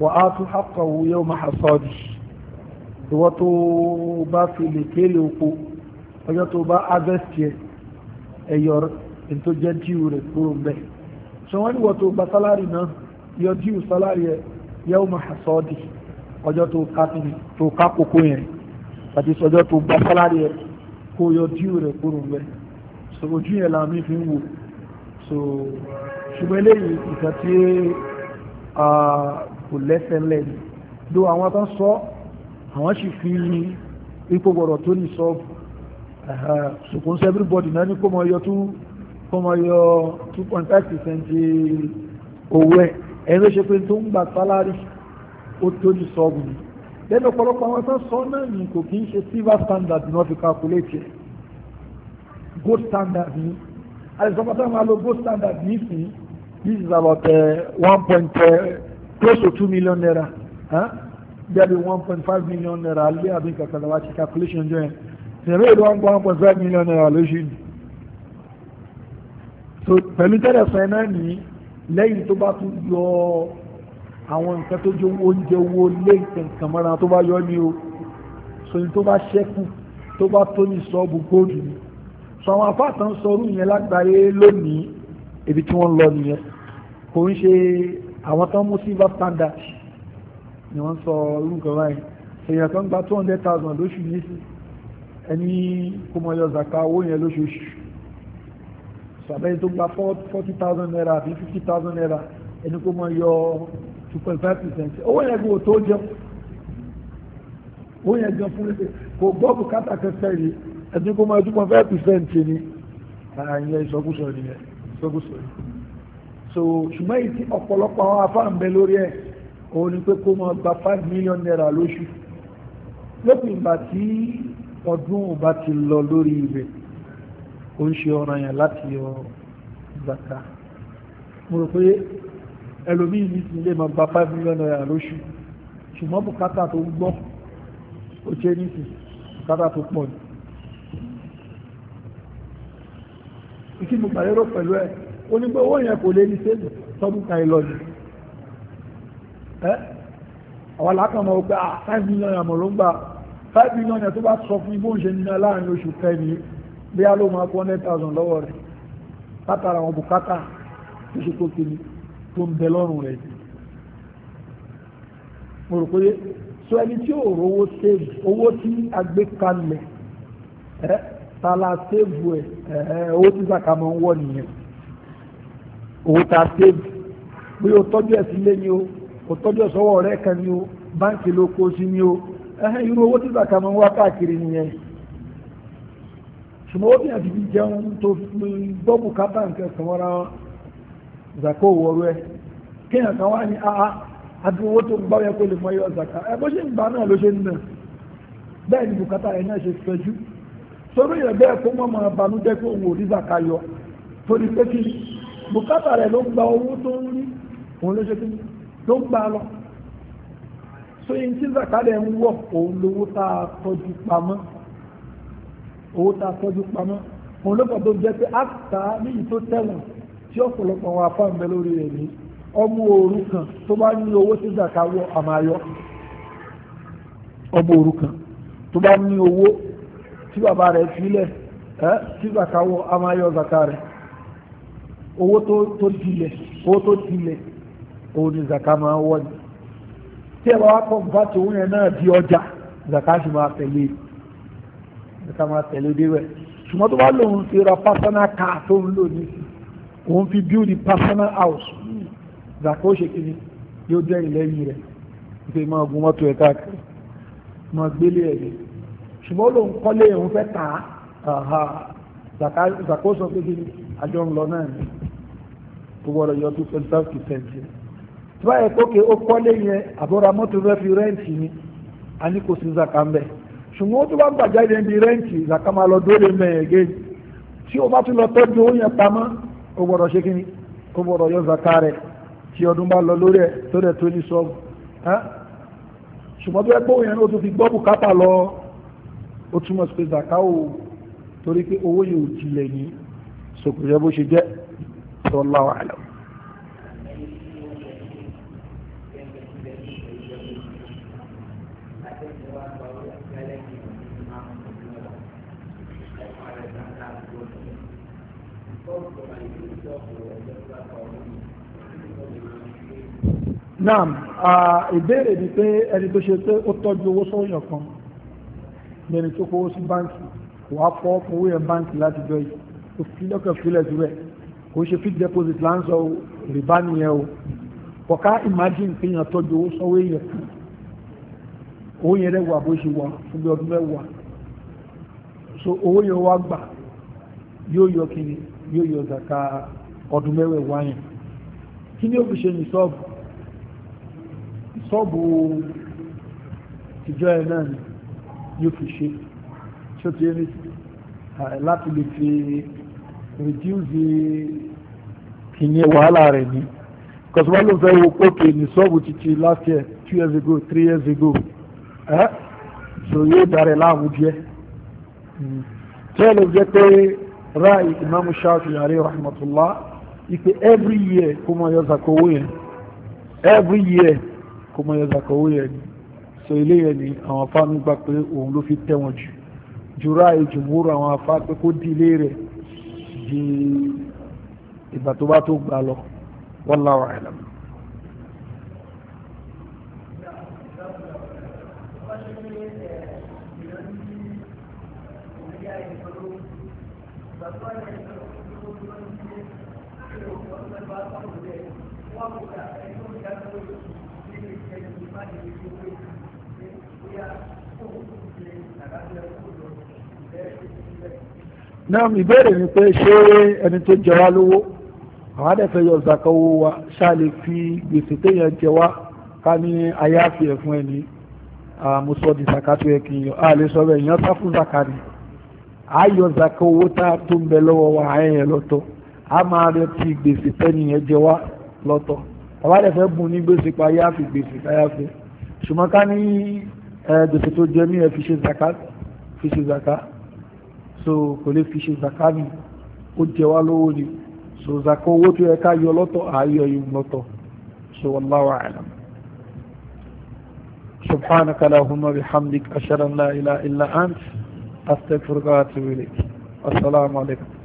wà á tún hákàwó yóò máa hasọ́ọ̀dì ìwọ́n tó bá fi lè kéré oko ọjọ́ tó bá harvest yẹ ẹ̀yọ̀ tó jẹ́ díù rẹ̀ kúrò ń bẹ̀ ṣe wọ́n ní wọ́n tó bá sálárì náà yọ díù sálárì ẹ̀ yẹ́ ọmọ àsọ́ọ̀dì ọjọ́ tó kápẹ́ni tó yẹn àti ọjọ́ tó bá sálárì ẹ̀ kó yọ díù rẹ̀ kúrò ń bẹ̀ ṣòro ojú yẹn làmì fi ń wò so ṣùgbọ́n eléyìí ìkan tí kò lẹ́sẹ̀ ńlẹ̀ ni do àwọn tó ń sọ àwọn sì fi ipò gbọ̀rọ̀ tó ní sọ ṣùgbọ́n sí everybody náà ní kó mọ yọ kó mọ two point five percent owó ẹ̀ ẹ̀yìn ló ṣe pé tó ń gba sálárì ó tó ní sọ́ọ̀bù ni lẹ́nu ọ̀pọ̀lọpọ̀ àwọn tó ń sọ náà ní kò kí ń ṣe silver standard ni wọ́n fi calculate gold standard ni àìsànpátá máa lo gold standard yìí sí this is about eh, one point eh, close to two million naira there be one point five million naira lé àbí kankan lọ́wọ́ àti calculation jẹ́ ìrìn èdè one one point five million naira lóṣù ni so pẹ̀lú tẹ́lẹ̀ sọ ẹ náà nìyí lẹ́yìn tó bá tún yọ àwọn nǹkan tó jẹ́ oúnjẹ owó lé nǹkan mọ́ra tó bá yọ ní o so ní tó bá ṣẹ́kù tó bá tó ní sọ́ọ̀bù góòlù ni sọ àwọn afáàtàn sọrú yẹn lágbàáyé lónìí ibi tí wọ́n lọ nìyẹn kò ń ṣe àwọn tán mú silver standard ni wọ́n sọ irú nǹkan báyìí èèyàn kan gba two hundred thousand lóṣù yìí sí ẹni kó mọ yọ zaka owó yẹn lóṣooṣù sàbẹ́yìn tó gba forty thousand naira àti fifty thousand naira ẹni kó mọ yọ two point five percent owó yẹn gbọ́ tó jẹun owó yẹn jẹun fún kò gbọ́ bùkátà kẹsẹ̀ rèé ẹ̀sìn kó máa túmọ̀ five percent ni àyẹ̀ ìsọkúsọ nìyẹn ìsọkúsọ yìí so ṣùgbọ́n èyí tí ọ̀pọ̀lọpọ̀ àwọn afáǹbẹ lórí ẹ̀ òun ni pé kó máa gba five million naira lóṣù lópin ìgbà tí ọdún ò bá ti lọ lórí ibẹ̀ ó ń ṣe ọ̀ràn yẹn láti yọ zaka mo rò pé ẹlòmíì ní ti lè máa gba five million naira lóṣù ṣùgbọ́n bùkátà tó ń gbọ́ ó ṣe ní sí bùkátà tó pọ̀ ni ìkí mo gbàlérò pẹ̀lú ẹ̀ ó ní pé owó yẹn kò lè ní sẹ́lù tọ́dún kan ẹ́ àwọn alákan mọ̀ pé ah, five million àmọ̀ ló ń gbà five million yẹn tó bá sọ fún ibó ń ṣe nínú láàrin oṣù kẹni bí a ló máa kó hundred thousand lọ́wọ́ rẹ̀ látara àwọn bùkátà tó ṣe tó kiri tó ń bẹ lọ́rùn rẹ̀ mo rò pé so ẹni tí ò rówó sẹ́lù owó tí a kalẹ̀ ẹ́ tala sèvù ẹ̀ owó tí zaka máa ń wọ̀ nìyẹn owó ta sèvù bí o tọ́jú ẹ̀ sílé ni o o tọ́jú ẹ̀ sọ́wọ́ ọ̀rẹ́ kan ni o báńkì ló kó sí ni o ẹ̀hẹ́ irú owó tí zaka máa ń wá káàkiri nìyẹn ṣùgbọ́n ó bí àti fi jẹun tó fi gbọ́ bùkátà nǹkan kan wọ́n zaka òwòrú ẹ̀ kéèyàn kan wá ní aa ah, ah, àti owó tó gbá yẹ kó lè mọ iye zaka ẹ bó ṣe ń gbà náà ló ṣe ń nà bẹ́ẹ̀ ni bùkátà ẹ̀ náà ṣe fẹjú torí èèyàn bẹ́ẹ̀ kó mọ́ máa banújẹ́ pé òun ò rí zaka yọ torí pé kí bùkátà rẹ̀ ló ń gba owó tó ń rí òun ló ṣe kí ló ń gbà lọ so yìí tí zaka rẹ̀ ń wọ̀ òun lówó tá a tọ́jú pamọ́ owó tá a tọ́jú pamọ́ òun ló kàn tó jẹ́ pé àkùtà níyì tó tẹ̀wọ̀n tí ọ̀pọ̀lọpọ̀ àwọn afá ń lórí rẹ̀ ní ọmọ òrukàn tó bá ní owó tí zaka wọ àmàyọ ọmọ òrukàn tó bá ní owó tí bàbá rẹ̀ filẹ̀ ẹ́ tí zaka wọ a máa yọ zaka rẹ̀ owó tó dilẹ̀ owó tó dilẹ̀ òun ni zaka máa wọ̀ ni tí ẹ bá wá kọ́ nǹkan tó yẹn náà di ọjà zaka sì máa tẹ̀lé zaka máa tẹ̀lé débẹ̀ ṣùgbọ́n tó bá lòun ti ra personal car tó ń lò ní òun fi build personal house zaka ó ṣe kiri yóò dẹ́yìn lẹ́yìn rẹ̀ nítorí máa gun mọ́tò ẹ̀ káàkiri máa gbélé ẹ̀ yìí ṣùgbọ́n ló ń kọ́lé òun fẹ́ tà á ṣàkóso pé kí àjọ ń lọ náà ni tó wọ́rọ̀ yọ two point five percent yẹn tí báyìí kókè ó kọ́lé yẹn àbúrò mọ́tò fẹ́ fi rẹ́ǹtì ni a ní kò sí zaka ń bẹ̀ ṣùgbọ́n ó tún bá gbàjáde bí rẹ́ǹtì zaka máa lọ dóòlè mẹ́ẹ̀ẹ́gẹ́ tí o bá tún lọ tọ́jú owó yẹn pamọ́ ó gbọ́dọ̀ ṣe kíni ó gbọ́dọ̀ yọ zaka rẹ̀ tí ọdún bá lọ lórí ẹ̀ tó rẹ̀ tó ní sọ́ọ̀bù ṣùgbọ́n tó yẹ kó yẹn ó tún fi gbọ́ bùkátà lọ ó túmọ̀ sí pé zaka ò torí pé owó yóò tilẹ̀ ní sòkòjẹ́ bó ṣe jẹ́ wallahu a'lam. naam ìbéèrè ni pé ẹni tó ṣe pé ó tọ́jú owó sọ́yàn kan lẹ́ni tó kówó sí báńkì kò wá fọ́ owó yẹn báńkì láti jọ yìí kò fi lọ́kàn filẹ̀ síbẹ̀ kò ṣe fixed deposit là ń sọ rìbá nìyẹn o kọ̀ká imagine pé yẹn tọ́jú owó sọ́wọ́ èèyàn kan owó yẹn rẹ̀ wà bó ṣe wà fún bí ọdún mẹ́wàá so owó yẹn wá gbà yóò yọ kí yóò yọ zaka ọdún mẹ́wàá yẹn kí ni ó fi ṣe ní sọ́ọ̀bù sọ́ọ̀bù tìjọ́ ẹ̀ náà ni yóò fi ṣe tí ó ti rí láti lè fi reduce kìnyẹn wàhálà rẹ̀ ni kọ̀sùmá ló fẹ́ wo pókè ní sọ́ọ̀bù títí last year two years ago three years ago ẹ́ so yóò darẹ̀ láàmú díẹ̀ hmm. tẹ́lẹ̀ jẹ́ pé ráì imam shafi alayhi rahmatullah ipe every year kó mọ yọ zakowó yẹn every year kó mọ yọ zakowó yẹn ni so ilé yẹn ni àwọn afá mi gbà pé òun ló fi tẹ́ wọn jù jura ìjùmúrò àwọn afá pé kó di ilé rẹ̀ di ìgbà tó bá tó gbà lọ wallahu a'lam. Thank you. náà ìbéèrè ni pé ṣé ẹni tó jẹ wá lówó àwọn adẹ́fẹ́ yọ zaka owó wa ṣáà lè fi gbèsè téèyàn jẹ wá ká ní ayáàfi ẹ̀ fún ẹni mo sọ di zaka tó yẹ kí n yọ a lè sọ bẹ́ẹ̀ èèyàn sá fún zaka ni a yọ tá a tó ń bẹ lọ́wọ́ wa àyẹ̀yẹ lọ́tọ̀ a máa rẹ ti gbèsè tẹ́niyẹn jẹ wá lọ́tọ̀ àwọn adẹ́fẹ́ bùn ní gbèsè pa ayáàfi gbèsè so kò lè fi ṣe zakami ó jẹ wá lówó ni so zakọ owó tó yẹ ká yọ lọ́tọ̀ ààyè ọyọ lọ́tọ̀ so wallahu a'lam سبحانك اللهم بحمدك أشهد أن لا إله إلا أنت أستغفرك وأتوب إليك السلام عليكم